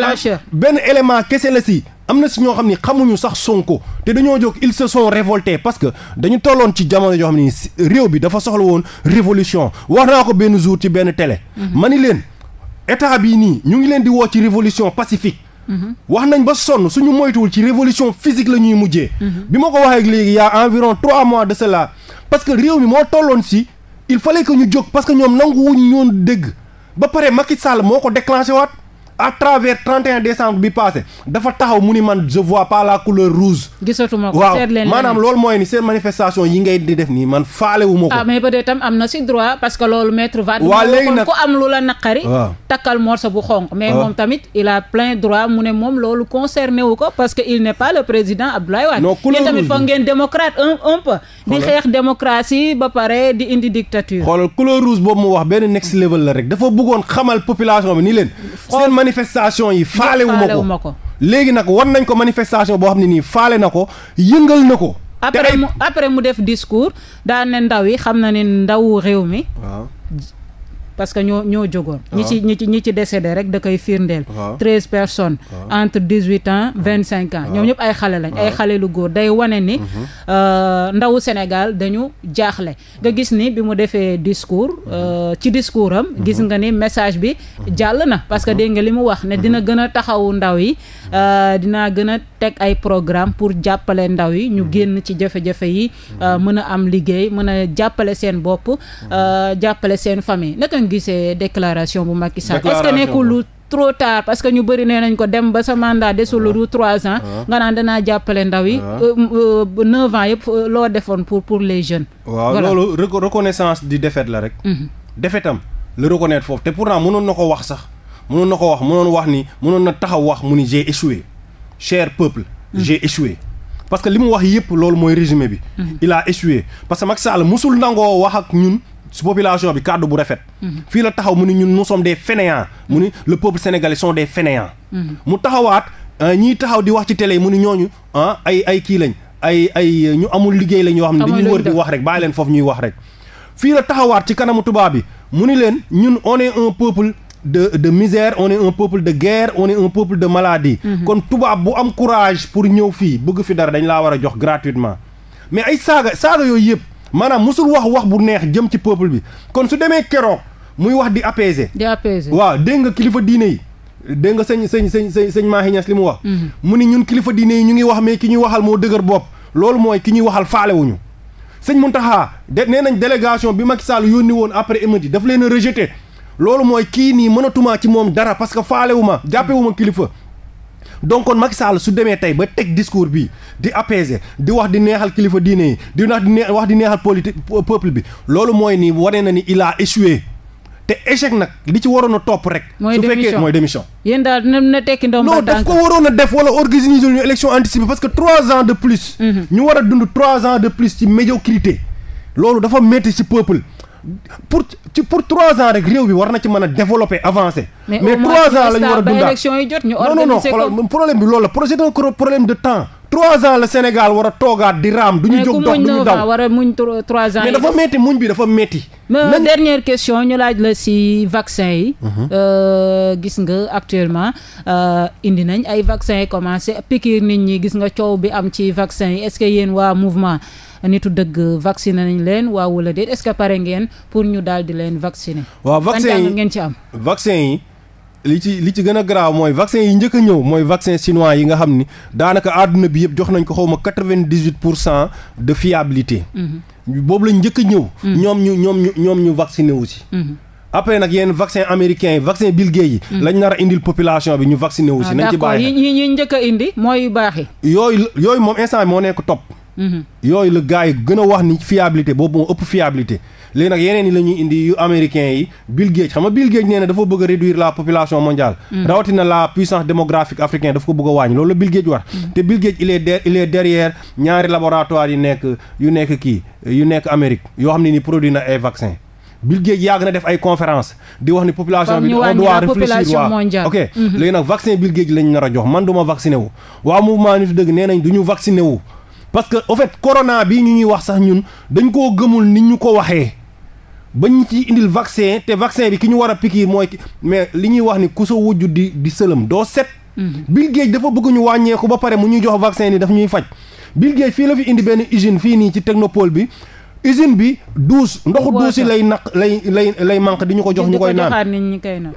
Speaker 2: benn élément kese la si. am na si ñoo xam ni xamuñu sax Sonko te dañoo jóg ils se sont révoltés parce que dañu tolloon ci jamono joo xam ni réew bi dafa soxla woon révolution wax naa ko benn jour ci benn télé. Mhm. ma ni leen état bii nii ñu ngi leen di woo ci révolution pacifique. wax nañ ba sonn suñu moytuwul ci révolution physique la ñuy mujjee. bi ma ko waxee léegi y' environ trois mois de cela parce que réew mi moo tolloon si il fallait que ñu jóg parce que ñoom nanguwuñ ñoon dégg ba pare Macky Sall moo ko déclenché waat. à travers 31 décembre bi passé dafa taxaw mu ni man je vois pas la couleur rouge.
Speaker 1: gisatuma ko waaw maanaam loolu mooy ni seen
Speaker 2: manifestation yi ngay di def nii man faale wu ma ko. ah
Speaker 1: mais ba am loolu maître Wade. waaw léegi nag ku am lu la naqari. takkal morceau bu xonq. mais moom tamit il a plein droit mu ne moom loolu concerné wu ko parce que il n'est pas le président Abdoulaye Wade. non couleur rouge ngeen démocrate un un peu. di xeex démocratie indi dictature.
Speaker 2: xoolal couleur rouge boobu mu wax benn next level la rek dafa bëggoon xamal population bi ni leen. manifestation yi faalewuma ko léegi nag war nañ ko manifestation boo xam ne nii faale na ko yëngal na ko après mu
Speaker 1: après mu def discours daan ne ndaw yi xam na ne ndawu réew mi parce que ñoo ñoo jógoon. ñi ci ah. ñi ci ñi ci décédé rek da koy firndeel. Ah. treize personnes. Ah. entre dix huit ans vingt cinq ans. ñoom ñëpp ay xale lañ. ay xale lu góor day wane ni. Mm-hmm. Euh, ndawu Sénégal dañu jaaxle. nga mm. gis ni bi mu defee discours. Mm-hmm. Euh, ci discours am. gis mm-hmm. nga ni message bi jàll na. parce que dégg nga li mu wax ne dina gën a taxawu ndaw yi. Euh, dinaa gën a teg ay programme pour jàppale ndaw yi ñu génn ci jafe-jafe yi. mën a am liggéey mën a jàppale seen bopp. jàppale seen famille gisee déclaration bu Macky Sall est-ce que nekkul lu trop tard parce que ñu bëri nee nañ ko dem ba sa mandat lu ah. trois ans ah. nga naan danaa jàppale ndaw yi ah. euh, euh, neuf euh, defoon pour pour les jeunes waaw
Speaker 2: loolu reconnaissance di défaite la rek mhm. défaite am le reconnaître foofu te pourtant mënoon na ko wax sax mënoon na ko wax mënoon wax ni mënoon na taxaw wax mu ni j'ai échoué cher peuple mhm. j'ai échoué parce li mu wax yëpp loolu mooy résumé bi mhm. il a échoué parce que Macky su population bi kàddu bu rafet. Mhm. fii la taxaw mu ni ñun nous sommes des fainéants. mu ni le peuple sénégalais sont des fainéants. Mhm. mu taxawaat euh, ñi taxaw di wax ci télé mu ni ñooñu ah ay ay kii lañ ay ay ñu amul liggéey la ñoo xam ne dañuy wër di wax rek baa leen foofu ñuy wax rek. fii la taxawaat ci kanam tubaab bi mu ni leen ñun on est un peuple de de misère on est un peuple de guerre on maladi mhm. kon tubaab bu am courage pour ñëw fii bëgg fi dara dañ laa war a jox gratuitement mais ay saaga saaga yooyu yëpp. maanaam musul wax wax bu neex jëm ci peuple bi kon su demee keroog muy wax di apaiser. di apaiser waaw dégg nga kilifa diine yi. dégg nga sëñ sëñ sëñ sëñ sëñ maa Niass li mu wax. Mhm. mu ni ñun kilifa diine yi ñu ngi wax mais ki ñuy waxal moo dëgër bopp. loolu mooy ki ñuy waxal faale wuñu sëñ Mountakha de nee nañ délégation bi Macky Sall yónni woon après émeute yi daf leen a rejeté. loolu mooy kii nii mënatumaa ci moom dara parce que faale wu ma jàppee wu ma kilifa. donc kon Macky Sall su demee tey ba teg discours bi di apaiser di wax di neexal kilifa diine yi di wax di wax di neexal politique peuple bi loolu mooy ni wane na ni il a échoué te échec nag li ci waroon a topp rek. su fekkee mooy démission.
Speaker 1: yéen daal na tekki ndoom non daf ko waroon
Speaker 2: a def wala organiser ñu élection anticipée parce que trois ans de plus. Mhm. ñu war a dund trois ans de plus ci médiocrité loolu dafa métti ci peuple pour ci pour trois ans rek réew bi war na ci mën a développer avancer. mais trois ans la ñu war a dundaat mais au moins élection
Speaker 1: yi jot ñu organiser ko
Speaker 2: problème bi loolu la projet d'un problème de temps. trois ans la Sénégal war a toogaat di raam. du ñu jóg dox du ñu daw
Speaker 1: war a muñ trois ans. mais dafa metti
Speaker 2: muñ bi dafa metti mais
Speaker 1: dernière question ñu laaj la si vaccin yi. Mhm. Euh, gis nga actuellement euh, indi nañ ay vaccin yi commencé piqûre nit ñi gis nga coow bi am ci vaccin yi est-ce que yéen waa mouvement nitu dëgg vacciné nañ leen waa wala déet est-ce que pare ngeen pour ñu daal di leen vacciner.
Speaker 2: waaw vaccin yi ngeen ci am. vaccin yi. li ci li ci gën a garaaw mooy vaccin yi njëkk a ñëw mooy vaccin chinois yi nga xam ni daanaka àdduna bi yëpp jox nañ ko xaw ma quatre-vingt-dix-huit pour cent de fiabilité.
Speaker 3: Mm-hmm.
Speaker 2: boobu lañ njëkk ñëw. Mm-hmm. ñoom ñu ñoom ñu ñoom ñu vacciné wu si. Mm-hmm. après nag yenn vaccin américain yi vaccin Bill Gates yi. lañ nar a indil population bi ñu vacciné wu si. nañ ci ah, bàyyi
Speaker 1: nag yi ñu njëkk indi mooy yu baax yi.
Speaker 2: yooyu yooyu moom instant moo nekk topp. yooyu la gars yi gën a wax ni fiabilité boobu moo ëpp fiabilité. léegi nag yeneen yi la ñuy indi yu américains yi Bill Gates xam nga Bill Gates nee na dafa bëgg a réduire la population mondiale mm. rawatina la puissance démographique africaine dafa ko bëgg a wàññi loolu la Bill Gates war mm. te Bill Gates il est il est ñaari laboratoire yu nekk yu nekk kii yu nekk Amérique yoo xam ne ni produit na ay vaccin Bill Gates yàgg na def ay conférence di wax ni population bi on doit réfléchir waa ok mm-hmm. léegi nag vaccin Bill Gates lañu nar a jox man du ma vacciné wu waa mouvement nitu dëgg nee nañ du ñu vacciné wu parce que au fait corona bi ñu ñuy wax sax ñun dañ koo gëmul ni ñu ko waxee bañ ñu ci indil vaccin te vaccin bi ki ñu war a pikiir mooy mais li ñuy wax ni ku sa wujju di di sëlëm doo set. Mhm. Bill Gates dafa bëgg ñu wàññeeku ba pare mu ñuy jox vaccin ni daf ñuy faj. Bill fii la fi indi benn usine fii nii ci technopole bi usine bi douche ndoxu douche yi lay naq lay lay lay manque di ñu ko jox ñu koy naan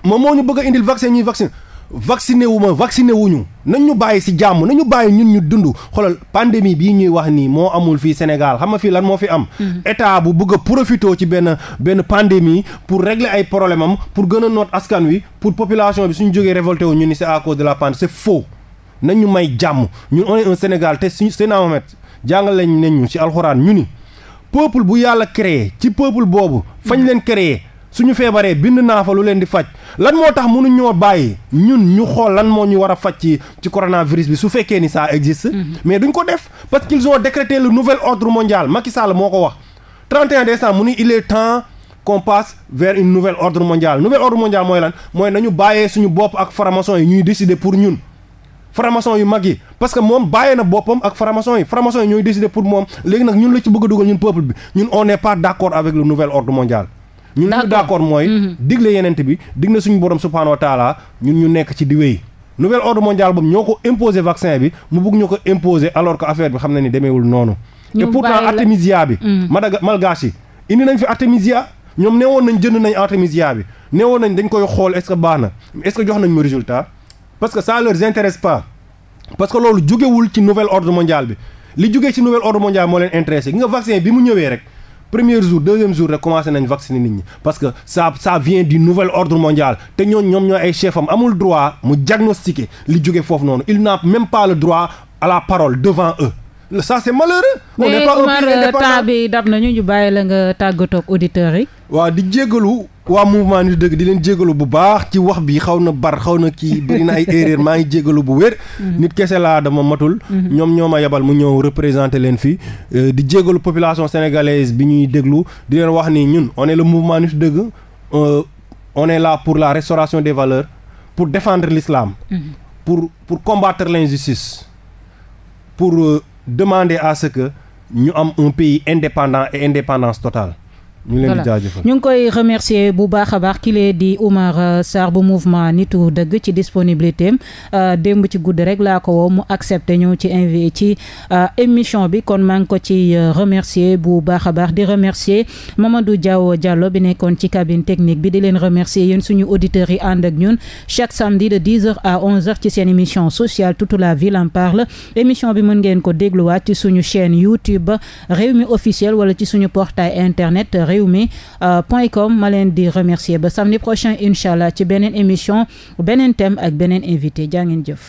Speaker 2: moom moo ñu bëgg indil vaccin ñuy vaccin vacciné wu ma vacciné wuñu nañ ñu bàyyi si jàmm nañu bàyyi ñun ñu dundu xoolal pandémie bii ñuy wax nii moo amul fii Sénégal xam nga fii lan moo fi am. Mm-hmm. état bu bëgg a profité ci benn benn pandémie pour régler ay problème am pour gën a noot askan wi pour population bi suñu jógee révolté wu ñu ni si à cause de la pandémie c'est faux nañ ñu may jàmm ñun on est te suñu Seydina Mohamed jàngal lañ nañ si alxuraan ñu ni peuple bu yàlla créé ci peuple boobu. fañ mm-hmm. leen créé. suñu feebaree bind naa fa lu leen di faj lan moo tax mënu ñoo bàyyi ñun ñu xool lan moo ñu war a faj ci ci coronavirus bi su fekkee ni ça existe mhm. mais duñ ko def parce qu'ils ont décrété le nouvel ordre mondial Macky Sall moo ko wax 31 décembre mu ni il temps qu'on passe vers une nouvelle ordre mondiale nouvelle ordre mooy lan mooy nañu bàyyee suñu bopp ak faramason yi ñuy décider pour ñun faramason yu mag yi parce moom bàyyee na boppam ak faramason yi faramason yi ñooy décider a dugal ñun peuple bi ñun on n'est pas d'accord avec le nouvel ñun ñu d'accord mooy mhm. digle yenent bi dig na suñu borom subhaanahu ñun ñu nekk ci di wéy nouvel ordre mondial boobu ñoo ko imposer vaccin bi mu bëgg ñu ko imposer alors que affaire bi xam na ni demeewul noonu et pourtant artémisia bi mhm. madaga indi nañ fi artémisia ñoom nee woon nañ jënd nañ artémisia bi nee woon nañ dañ koy xool est-ce que baax na est-ce que jox nañ mu résultat parce que ça leur intéresse pas parce que loolu jógewul ci nouvel ordre bi moo leen bi mu ñëwee rek premier jour deuxième jour rek commencé nañ vacciner nit ñi parce que ça ça vient du nouvel ordre mondial te ñooñu ñoom ñoo ay chef am amul droit mu diagnostiquer li jóge foofu noonu il n'a même pas le droit à la parole devant eux ça c'est malheureux. on n'est pas un pays
Speaker 1: bi dab nañu ñu bàyyi la nga tàggatoo ak auditeurs yi.
Speaker 2: waa di jégalu waa mouvement Nittu Dëgg di leen jégalu bu baax ci wax bi xaw na bar xaw na kii bari na ay erreur maa ngi jégalu bu wér. Mm-hmm. nit kese laa dama matul. Mm-hmm. ñoom ñoo ma yebal mu ñëw représenter leen fi euh, di jégalu population sénégalaise bi ñuy déglu di leen wax ni ñun on est le mouvement Nittu Dëgg euh, on est pour la restauration des valeurs pour défendre l'islam mm-hmm. pour pour combattre l'injustice euh, demander à ce que ñu am un pays indépendant et indépendance totale ñu
Speaker 1: ñu ngi koy remercier bu baax a baax kile di Oumar euh, Sarr bu mouvement nitu dëgg ci disponibilité am euh, démb ci guddi rek laa ko mu accepté ñu ci invité ci euh, émission bi kon maa ngi ko ci remercier bu baax a baax di remercier Mamadou Diaw Diallo bi nekkoon ci cabine technique bi di leen remercier yéen suñu auditeurs yi ànd ak ñun chaque samedi de 10h à 11h ci seen émission sociale toute la ville en parle émission bi mën ngeen ko dégluwaat ci suñu chaîne YouTube Rewmi officiel wala ci suñu portail internet. réew mi euh, point com ma leen di remercier ba sam samedi prochain incha allah ci beneen émission beneen thème ak beneen invité jaa ngeen jëf